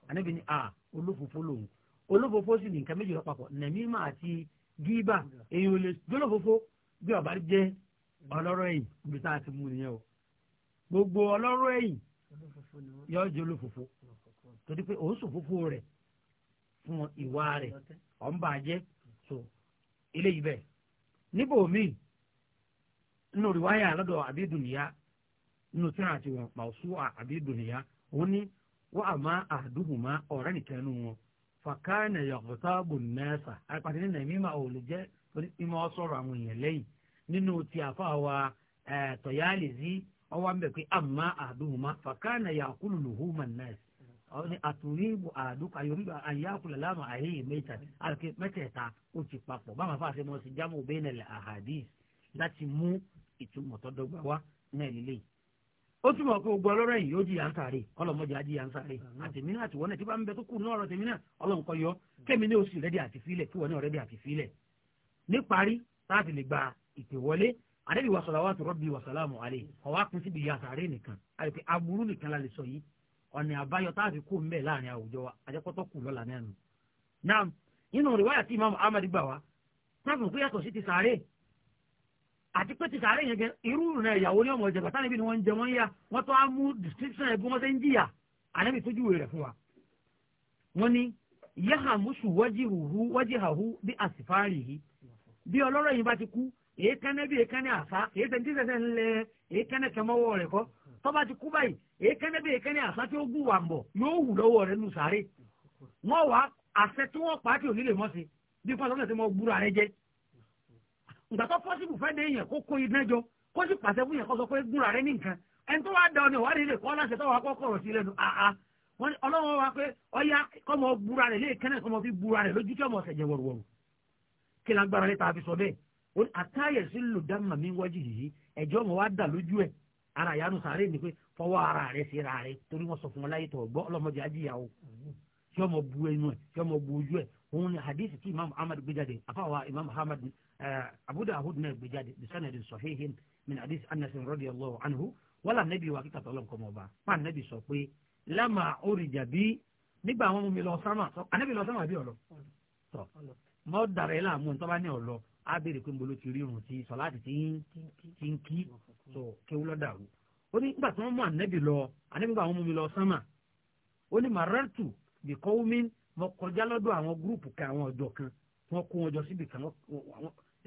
ànábi ni a olófòfó lòun olófòfó sì ní nǹkan méjì lọ papọ̀ nàmímà àti gíbà èyí ò lè jólófòfó bí ọ̀bá jẹ́ mm. ọlọ́rọ̀ ẹ̀yìn ibi tá a ti mú nìyẹn o gbogbo ọlọ́rọ̀ ẹ̀yìn yọ jẹ́ torí pé òun sòfófó rẹ̀ fún ìwà rẹ̀ ọ̀ so eléyìí bẹ́ẹ̀ níbo mi nínú rìwáyà lọ́dọ̀ àbídùnìyá nínú tíra àti wọn pàṣẹ àbídùnìyá òun ni wọ́n àmọ́ àdúhùnmá ọ̀rẹ́ nìkan nù wọn fàkànnà yọ̀kọ̀tàbù nẹ́ẹ̀sà àpàtì ní nàìmímà òòlù jẹ́ ìmọ̀ sọ̀rọ̀ àwọn èèyàn lẹ́yìn nínú ti àfàwà tọ̀yálì sí ọwọ́ mbẹ́ pé àmọ́ àdúhùnmá fàkànnà yàkúlù lùhùmà nẹ́ẹ̀sì àwọn ní àtúrígbò àdúkọ ayọ̀rìgbà àyàkùlẹ̀ lánàá àyèyè mẹ́ta àti mẹ́tẹ̀ẹ̀ta ó ti papọ̀ báwọn afá àti mọ́sí jámù bẹ́ẹ̀nẹ̀lẹ̀ àhàdís láti mú ìtumọ̀ tó dọ́gba wá náà lílé ó túmọ̀ pé gbogbo ọlọ́rọ̀ yìí yóò jìyà ń sáré ọlọ́mọdé á jìyà ń sáré àtẹ̀mí náà àtiwọ́n náà tí bá ń bẹ tó kù náà ọ̀rọ̀ tẹ̀mí náà ọlọ́run kọ́ yọ kẹ́mi ní oṣù rẹ́dí àti fílẹ̀ kí wọ́n ní ọ̀rẹ́dí àti fílẹ̀ níparí láti lè gba ìpè wọlé àdébìwàsọ̀lá wa tó rọ́bì wàsálàmù alẹ́ ọ̀wá pín síbi ìyá nìkan àti pé aburú nìkan la lè sọ yìí ọ̀nà àbáyọ tá a fi kó mbẹ́ láàrin àwùjọ wa àjẹpọ́tọ́ kù lọ́la náà nù. naam nínú rìwáyà tí imaamu ahmed gbà wá tábìlì pé yàtọ̀ sí ti sàárè àti pé ti sàárè yẹn gẹ irú rẹ̀ ìyàwó ní ọmọ ìjẹ̀bà táwọn ibi ni wọ́n ń jẹ wọ́n ń yá wọ́n tó á mú distinction ẹ̀ bí wọ́n ṣe ń jìyà ànábì tójú rẹ̀ fún wa. wọ́n ní yaha musu wájìhàhu bí àsìfáàrì yìí bí ọlọ́rọ̀ yìí bá ti kú èékánná bí èékánná àṣà èékánná tí sẹ́sẹ́ ń lẹ èékánná kẹmọ́wọ́ rẹ̀ kọ́ tó bá ti kú báyìí èékánná bí èékánná àṣà tí ó gùn wà ń bọ̀ yóò wù lọ́wọ́ rẹ̀ nù sáré wọ́n wá àṣẹ tí wọ́n pàtì òní lè mọ́ sí bí pọ́n sọ́kẹ́ tí mo gbúra rẹ jẹ́ ìgbà tó pọ́sibù fẹ́ dé yẹn kó kó iná jọ kó sì pàṣẹ fún yẹn kó sọ pé gbúra rẹ ní nǹkan ẹni tó wá da ọ̀nà ìwádìí lè kọ́ láṣẹ tó wà kọ́ kọ̀rọ̀ sí lẹ́nu àá wọ́n ọlọ́wọ́ wa pé ọyá kọ́mọ gbúra rẹ léèkánná kọ́mọ fi gbúra rẹ lójú kí ọmọ ọ̀sẹ̀ jẹ wọ̀rọ̀wọ̀rọ̀ kí lágbára rẹ tàbí sọ bẹ́ẹ̀ àtàyè sí lùdámà mi wájú yìí ẹ̀jọ́ ọmọ fọwọ́ ara rẹ̀ sí ra rẹ̀ torí wọ́n sọ fún wọn láyé tó gbọ́ ọlọ́mọdé ajíyàwó tí ọmọ bu ẹnu ẹ̀ tí ọmọ bu ojú ẹ̀ òun ni hadith tí imam ahmad gbé jáde afáwa imam ahmad eh, abu dawud náà gbé jáde bisanadi sahihin min hadith anas radiyallahu anhu wala nabi wa kíkà tọ́lọ̀ nǹkan ọba pa nabi sọ pé lámà oríjà bí nígbà àwọn ọmọ mi lọ sámà anabi lọ sámà bí ọlọ tọ mọ dàrẹ láàmú ntọ́ba ní ọlọ á pé mbolo ti rí irun ti sọ láti ti ń kí so kéwú lọ́dà ó ní nígbà tí wọ́n mú ànábì lọ ànábì gba àwọn ọmọ mi lọ sánmà ó ní màrẹ́tù bí kọ́wọ́mí mo kọjá lọ́dọ̀ àwọn gúrùpù kan àwọn ọ̀dọ́ kan wọ́n kó wọn jọ síbi kan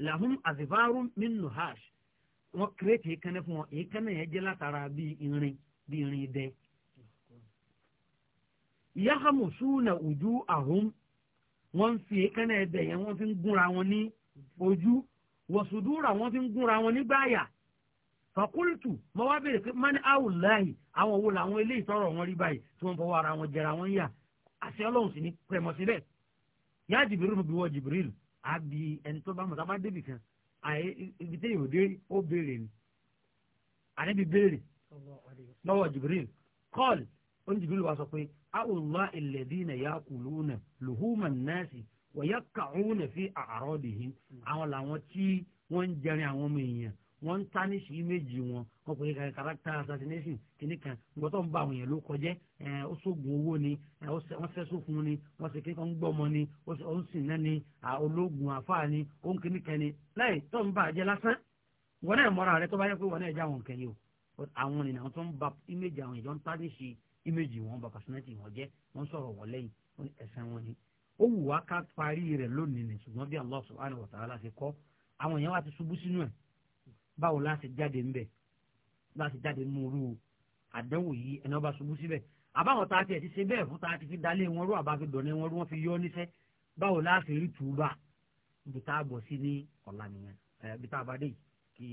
làhùn àzìbárù mínú hash wọ́n kírètì èékánná fún wọn èékánná yẹn jẹ́ látara bí irin bí irin dẹ́ yahamu suna ojú àhùn wọ́n ń fi èékánná ẹ̀bẹ̀ yẹn wọ́n fi ń gúnra wọn ní ojú wọ̀sùdúrà wọ́n fi ń gúnra wọn nígbàyà fàkúlùtù mo wá béèrè pé mani awùláyì àwọn wo làwọn eléyìí tọrọ wọn rí báyìí tí wọn fọwọ́ ara wọn jẹra wọn yà àṣẹ ọlọ́run sì ni pẹ̀mọ́ síbẹ̀ yá jìbìrìlù bí wọ́n jìbìrìlù àbí ẹni tó bá mọ̀ sábà débì kan àyè ibi tẹ́yìn òde ó béèrè ni àníbi béèrè lọ́wọ́ jìbìrìlù kọ́ọ̀lù ó ní wa sọ pé awùlá ilẹ̀dínà yà kùlùnà lùhùmà náàsì wọ̀yà kàún fi àárọ̀ dìhín àwọn làwọn tí wọ́n ń jẹrin àwọn ọmọ èèyàn wọ́n ń tánìṣì ìméjì wọn wọ́n pè é character assassination kìíní kan ìgbà tó ń bá àwọn èèyàn ló kọjẹ́ ó sógun owó ni wọ́n sẹ́sùn fún ni wọ́n sì kíkan ń gbọ́mọ ni ó ń sìn náà ni ológun àfáà ni ó ń kíní kan ni láì tó ń bá àjẹ lásán wọn náà mọ́ra rẹ tó bá yẹ pé wọn náà já wọn kẹ́ yìí o àwọn ènìyàn tó ń ba ìméjì àwọn èèyàn tánìṣì ìméjì wọn ba personality wọn jẹ́ wọ́n sọ̀rọ̀ wọ́n lẹ́yìn ẹ̀sán wọn ni ó wù wá ká parí rẹ̀ lónìí ni ṣùgbọ́n bí Allah subhanahu wa ta'ala ṣe kọ́ àwọn èèyàn wa ti ṣubú sínú báwo láti jáde ń bẹ̀ láti jáde nínú irú àdánwò yìí ẹni ọba ṣubú síbẹ̀ àbáwọn tá a ti ẹ̀ ti ṣe bẹ́ẹ̀ fún tá a ti fi dalé wọn rú àbáfi dọ̀nà wọn rú wọn fi yọ níṣẹ́ báwo láti rí tùúbà ibi tá a bọ̀ sí ní ọ̀la nìyẹn ibi tá a bá dé yìí kí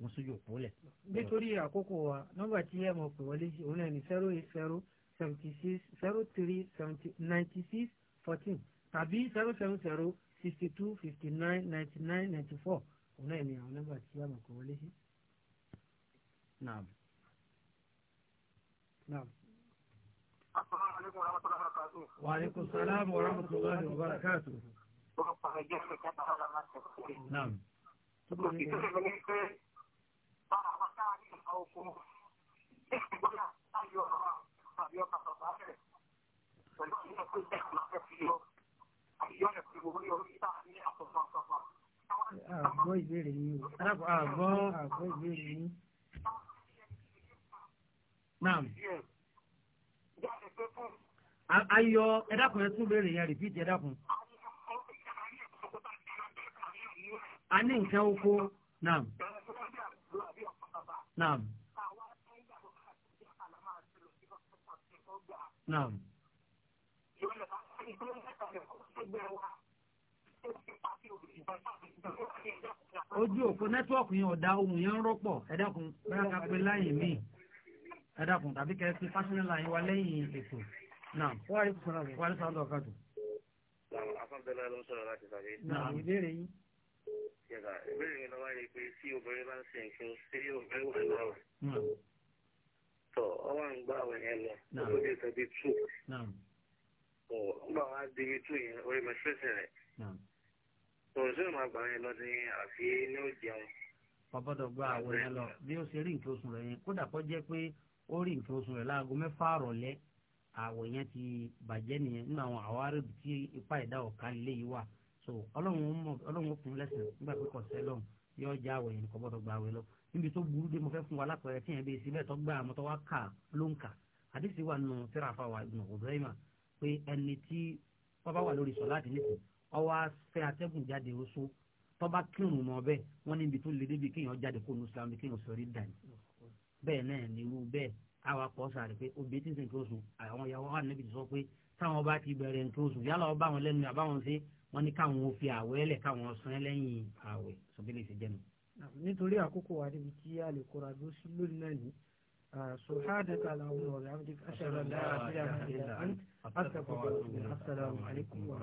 wọ́n sójú òpó lẹ̀. nítorí àkókò wa nọ́mbà tí ẹ mọ̀ pé wọlé òun náà zero eight zero seventy six zero three seventy ninety six fourteen tàbí zero seven zero sixty two fifty nine ninety nine ninety four òun náà ni àwọn nọ́mbà tí a mọ̀ kó wọlé sí. naam naam. wa aleykum salaam wa rahmatulahi wa barakatu. naam. Pẹ̀lú ìyẹ́kùn ìjẹ́kùn láfẹ́ fi lọ, àyíyọ́ ẹ̀kùn ìwòrí orí ìta ní àtọ̀fà àtọ̀fà àgbọ́ ìbéèrè yìí o àgbọ́ àgbọ́ ìbéèrè yìí. Naam. Ayọ̀ ẹ̀dàkùn ẹ̀ tún béèrè yẹn rìpíìtì ẹ̀dàkùn. A ní nǹkan oko. Naam. Naam. Naam. Naam ojú òpó nẹ́tíwọ̀kì yẹn ọ̀dà ohun yẹn ń rọ́pọ̀ ẹ dákun bẹ́ẹ̀ ká pé láyè mí ẹ dákun tàbí kẹ́ ẹ fi fásitì láyé wa lẹ́yìn ètò náà wọ́n á rí kùsùn náà wọ́n á rí sáwọn ọ̀gá tó. afọ́nbẹ́lá ló ń sọ̀rọ̀ láti sàbí. náà ìbéèrè yín. yàtà ìbéèrè yẹn lọ́wọ́ yẹn pé tí obìnrin bá ń sin nǹkan tí obìnrin wà lọ́wọ́ tọ̀ ọwọ́ ń gbà wẹ̀ yẹn lọ ó lè tẹ̀bi tù. ọ̀ ń gbà wá débi yẹn orí mẹ́sẹ̀sẹ̀ rẹ̀ sọ̀rọ̀ sí ọmọ àgbà yẹn lọ ní àfi ní ó jẹun. ọgbọ́dọ̀ gba àwọn yẹn lọ bí ó ṣe rí nǹkan oṣù rẹ̀ yẹn kódà kó jẹ́ pé ó rí nǹkan oṣù rẹ̀ láago mẹ́fà rọ̀lẹ́ àwọ̀ yẹn ti bàjẹ́ nìyẹn nínú àwọn àwárí tí ipa ìdá ọ̀ka lè yìí wà so ọlọ́run ó fún lẹ́sìn nígbà pé kọ̀ọ̀sẹ́ lọ́run yóò já àwọ̀ yẹn kò gbọ́dọ̀ gba àwẹ̀ lọ níbi tó burú dé mo fẹ́ fún wa lápẹ̀rẹ̀ tí yẹn bẹ́ẹ̀ sí gbà ọwọ́ afẹ́ atẹ́gùn jáde oṣù tọ́ba kírun mọ́ bẹ́ẹ̀ wọ́n níbi tó lè débi kéèyàn jáde kó nu islam kéèyàn sọrí dàní bẹ́ẹ̀ náà nírú bẹ́ẹ̀ àwa kọ́ sàrè pé obìnrin tí ń sìn kí oṣù àwọn ìyàwó wa níbi sọ pé táwọn bá ti bẹ̀rẹ̀ nǹkan oṣù yálà ọba àwọn lẹ́nu àbáwọn ṣe wọ́n ní káwọn ò fi àwẹ̀ lẹ̀ káwọn san lẹ́yìn àwẹ̀ sọ̀bílẹ̀ ṣe jẹ́nu. nítorí àkókò wa níbi tí a lè kóra dó sí lónìí náà ní سبحانك اللهم وبحمدك أشهد أن لا إله إلا أنت أستغفرك السلام عليكم ورحمة الله